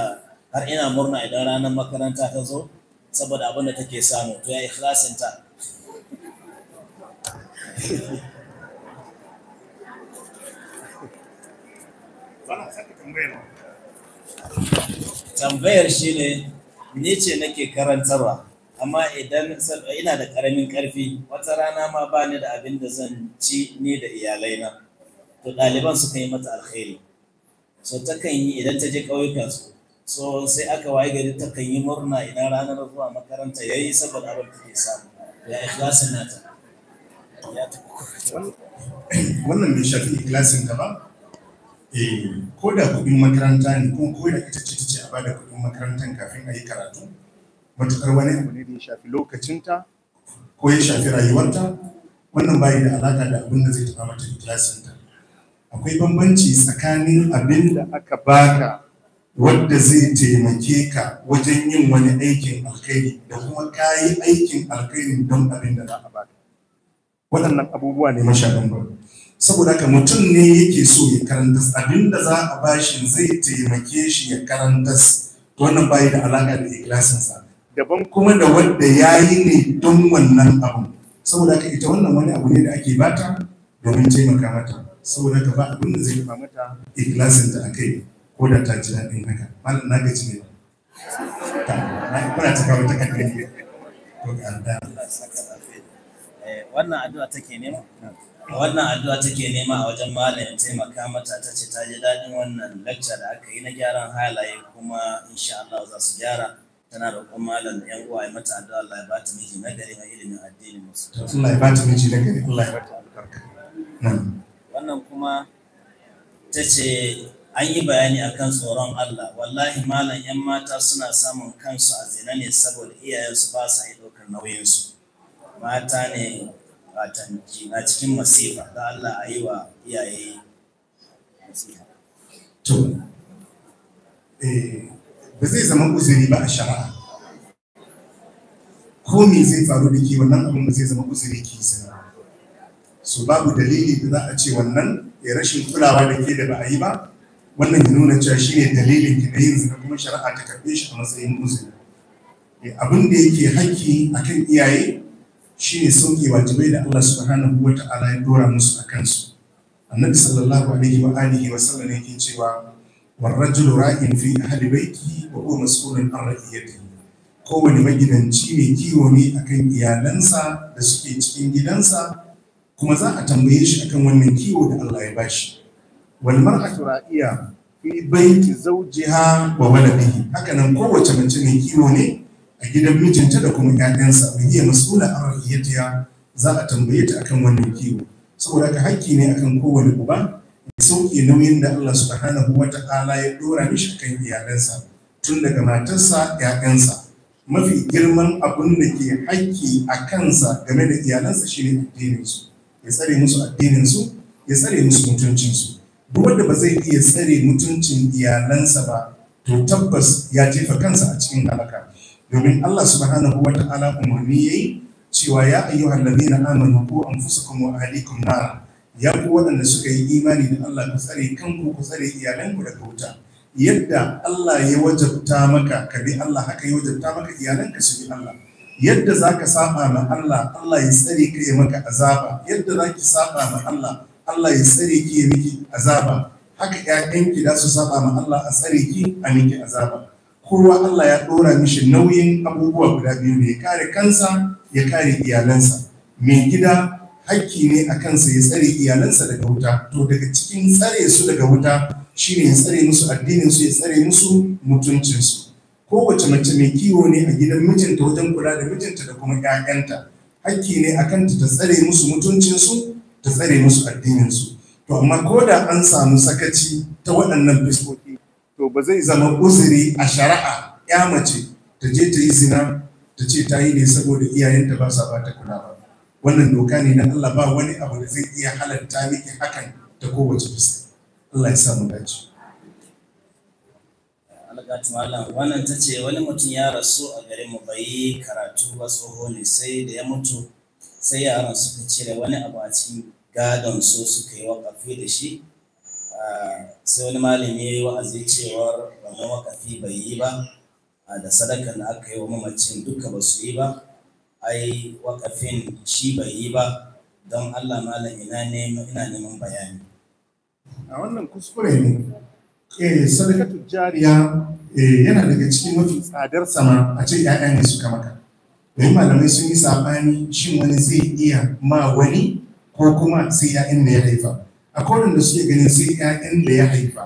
har ina murna idan ranar makaranta ta zo saboda abin da take samu to ya ikhlasin ta Thank you. tambayar ne ni ce nake karantarwa amma idan ina da karamin karfi wata rana ma ba ni da abin da zan ci ni da iyalaina to ɗaliban suka yi mata alkhairi so kan yi idan ta je ƙauyukan su so sai aka waye gari ta kan yi murna idan ranar zuwa makaranta ya yi saboda abin da ke samu ya ikhlasin nata ya wannan bai shafi ikhlasin ka ba eh ko da kuɗin makaranta ne ko da ita ce ce a bada kuɗin makarantar kafin a yi karatu Matukar wani abu ne da ya shafi lokacinta ko ya shafi rayuwarta wannan bayan da alaƙa da abin da zai taɓa mata kilasinta. akwai bambanci tsakanin abin da aka baka wadda zai taimake ka wajen yin wani aikin alkhairi da kuma ka yi aikin alkhairi don abin da za a baka waɗannan abubuwa ne masha bambam saboda haka mutum ne yake so ya karanta abinda za a bashi zai taimake shi ya karanta wannan bayi da alaka da sa daban kuma da wanda ya yi ne don wannan abu saboda haka ita wannan wani abu ne da ake bata domin taimaka mata saboda haka ba abin da zai ba mata ikilasinta a kai ko da ta ji daɗin haka malam na gaji ne kuna ta kawo takardar ne to ga Allah eh, wannan addu'a take nema wannan addu'a take nema a wajen malamin taimaka mata ta ce ta ji daɗin wannan lecture da aka yi na gyaran halaye kuma insha Allah za su gyara tana roƙon malam da yan uwa ya mata addu'a Allah ya ba ta miji na gari mai ilimin addini musu Allah ya ba ta miji na gari Allah ya ba ta albarka wannan kuma ta ce an yi bayani akan tsoron Allah wallahi malam yan mata suna samun kansu a zina ne saboda iyayensu ba sa yi ɗaukar nauyinsu mata ne bukatan na cikin masifa da Allah a yi wa iyaye to eh, ba zai zama uzuri ba a shari'a ko me zai faru da ke wannan abin ba zai zama uzuri ke zina so babu dalili da za a ce wannan ya rashin kulawa da ke da ba a yi ba wannan ya nuna cewa shi ne dalilin ki da yin zina kuma shari'a ta karɓe shi a matsayin uzuri eh, abin da yake hakki akan iyaye Shi shine sauke wajibai da Allah subhanahu wa ta'ala ya dora musu a kansu annabi sallallahu alaihi wa alihi wa sallam yake cewa rajulu ra'in fi ahli baiti wa huwa mas'ulun an ra'iyatihi kowane magidanci mai kiwo ne akan iyalansa da suke cikin gidansa kuma za a tambaye shi akan wannan kiwo da Allah ya bashi wal mar'atu ra'iya fi baiti zawjiha wa waladihi haka nan kowace mace mai kiwo ne a gidan mijinta da kuma ƴaƴansa mai iya mas'ula a rahiyatiya za a tambaye ta akan wannan kiwo saboda haka hakki ne akan kowane uba ya sauke nauyin da Allah subhanahu ta'ala ya dora mishi kan iyalansa tun daga matarsa ƴaƴansa mafi girman abun da ke hakki a kansa game da iyalansa shine addininsu ya tsare musu addininsu ya tsare musu mutuncinsu duk wanda ba zai iya tsare mutuncin iyalansa ba to tabbas ya jefa kansa a cikin halaka domin Allah subhanahu wa ta'ala umarni yayi cewa ya ayyuhal ladina amanu ku anfusakum wa ahlikum nara ya ku waɗanda suka yi imani da Allah ku tsare kanku ku tsare iyalanku daga wuta yadda Allah ya wajabta maka ka bi Allah haka ya wajabta maka iyalanka su bi Allah yadda za ka saba ma Allah Allah ya tsare ka ya maka azaba yadda za ki saba ma Allah Allah ya tsare ki ya miki azaba haka ƴaƴanki za su saba ma Allah a tsare ki a miki azaba kowa Allah ya ɗora mishi nauyin abubuwa guda biyu da ya kare kansa ya kare iyalansa mai gida hakki ne a kansa ya tsare iyalansa daga wuta to daga cikin tsare su daga wuta shi ne ya tsare musu addinin su ya tsare musu mutuncinsu kowace mace mai kiwo ne a gidan mijinta wajen kula da mijinta da kuma 'ya'yanta hakki ne a kanta ta tsare musu mutuncinsu ta tsare musu addininsu to amma ko da an samu sakaci ta waɗannan fiskoki to ba zai zama uzuri a shari'a ya mace ta je ta yi zina ta ce ta yi ne saboda iyayenta ba sa ba ta kula ba wannan doka ne na Allah ba wani abu da zai iya halatta miki hakan ta kowace fuska Allah ya samu dace wannan ta ce wani mutum ya rasu a garin mu bai karatu ba tsoho ne sai da ya mutu sai yaran suka cire wani abu a cikin gadon so suka yi wakafi da shi sai wani malami ya yi wa'azi cewar wannan wakafi bai yi ba da sadaka da aka yi wa mamacin duka ba su yi ba ai wakafin shi bai yi ba don allah malam ina neman bayani a wannan kuskure ne eh ta jariya eh, yana daga cikin mafi tsadar sama a ce ƴaƴan ne suka maka don malamai sun yi sabani shin wani zai iya ma wani ko kuma sai 'ya'yan ne ya haifa akwai waɗanda suke ganin sai ƴaƴan da ya haifa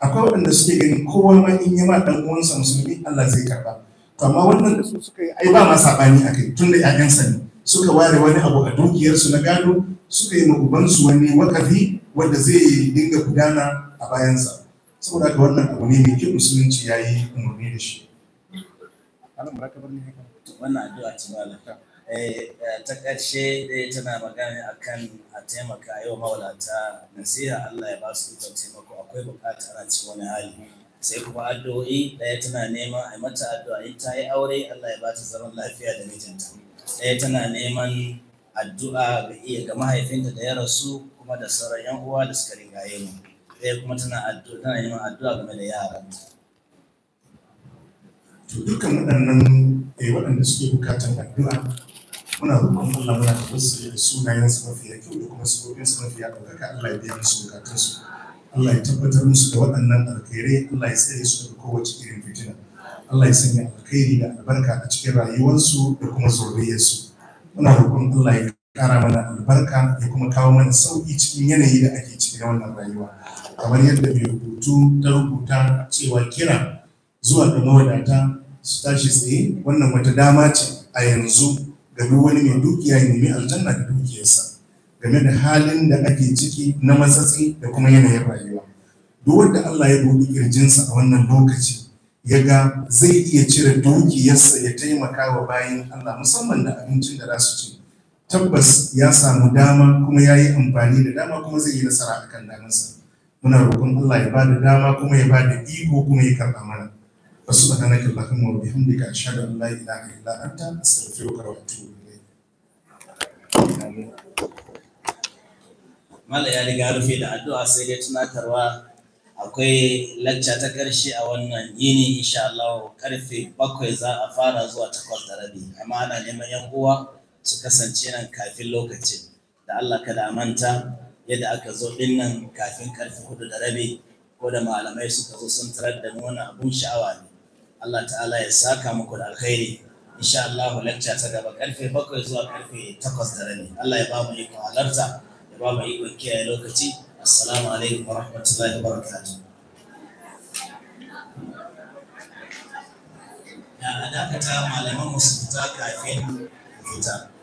akwai waɗanda suke ganin kowa ma in yi ma ɗan uwansa musulmi Allah zai karba to amma wannan da su suka yi ai ba ma saɓani a kai tun da ƴaƴansa ne suka ware wani abu a dukiyarsu na gado suka yi ma ubansu wani wakafi wanda zai dinga gudana a bayansa saboda ga wannan abu ne mai kyau musulunci yayi umarni da shi. wannan addu'a ce ba Eh, eh, ta ƙarshe dai tana magana a kan a taimaka yau maulata nasiha Allah ya ba su ikon taimako akwai buƙatar a cikin wani hali sai kuma addu'o'i ɗaya tana neman a mata addu'a in ta yi aure Allah ya ba ta zaman lafiya da mijinta ɗaya tana neman addu'a ga iya ga mahaifinta da ya rasu kuma da sauran yan uwa da suka ringaye mu ɗaya kuma tana addu'a tana neman addu'a game da ta. to dukkan waɗannan eh, waɗanda suke bukatan addu'a muna roƙon Allah muna da wasu sunayen su mafiya kyau da kuma sunayen su mafiya ɗaukaka Allah ya biya musu su. Allah ya tabbatar musu da waɗannan alkhairai Allah ya tsare su daga kowace irin fitina Allah ya sanya alkhairi da albarka a cikin rayuwarsu da kuma zuriyarsu muna roƙon Allah ya kara mana albarka ya kuma kawo mana sauƙi cikin yanayi da ake ciki na wannan rayuwa kamar yadda mai rubutu ta rubuta cewa kira zuwa ga mawadata su tashi tsaye wannan wata dama ce a yanzu game wani mai dukiya ya nemi aljanna da dukiyarsa game da halin da ake ciki na matsatsi da kuma yanayin rayuwa duk wanda Allah ya buɗe kirjinsa a wannan lokaci ya ga zai iya cire dukiyarsa ya taimaka wa bayan Allah musamman da abincin da za su ci tabbas ya samu dama kuma ya yi amfani da dama kuma zai yi nasara a kan damansa muna roƙon Allah ya ba da dama kuma ya ba da iko kuma ya karɓa mana فسبحانك اللهم وبحمدك أشهد أن لا إله إلا أنت أستغفرك وأتوب إليك. ya riga rufe da addu'a sai dai tunatarwa akwai lacca ta karshe a wannan yini insha Allah karfe bakwai za a fara zuwa takwas da rabi amma ana neman yan uwa su kasance nan kafin lokacin da Allah kada a manta yadda aka zo din nan kafin karfe hudu da rabi ko da malamai suka zo sun tarar da mu abun sha'awa ne Allah ta'ala ya saka muku da alkhairi insha Allah lecture ta gaba karfe bakwai zuwa karfe takwas da rani Allah ya ba mu iko halarta ya ba mu ikon kiyaye lokaci assalamu alaikum wa rahmatullahi wa barakatuh ya dakata malaman musu fita kafin fita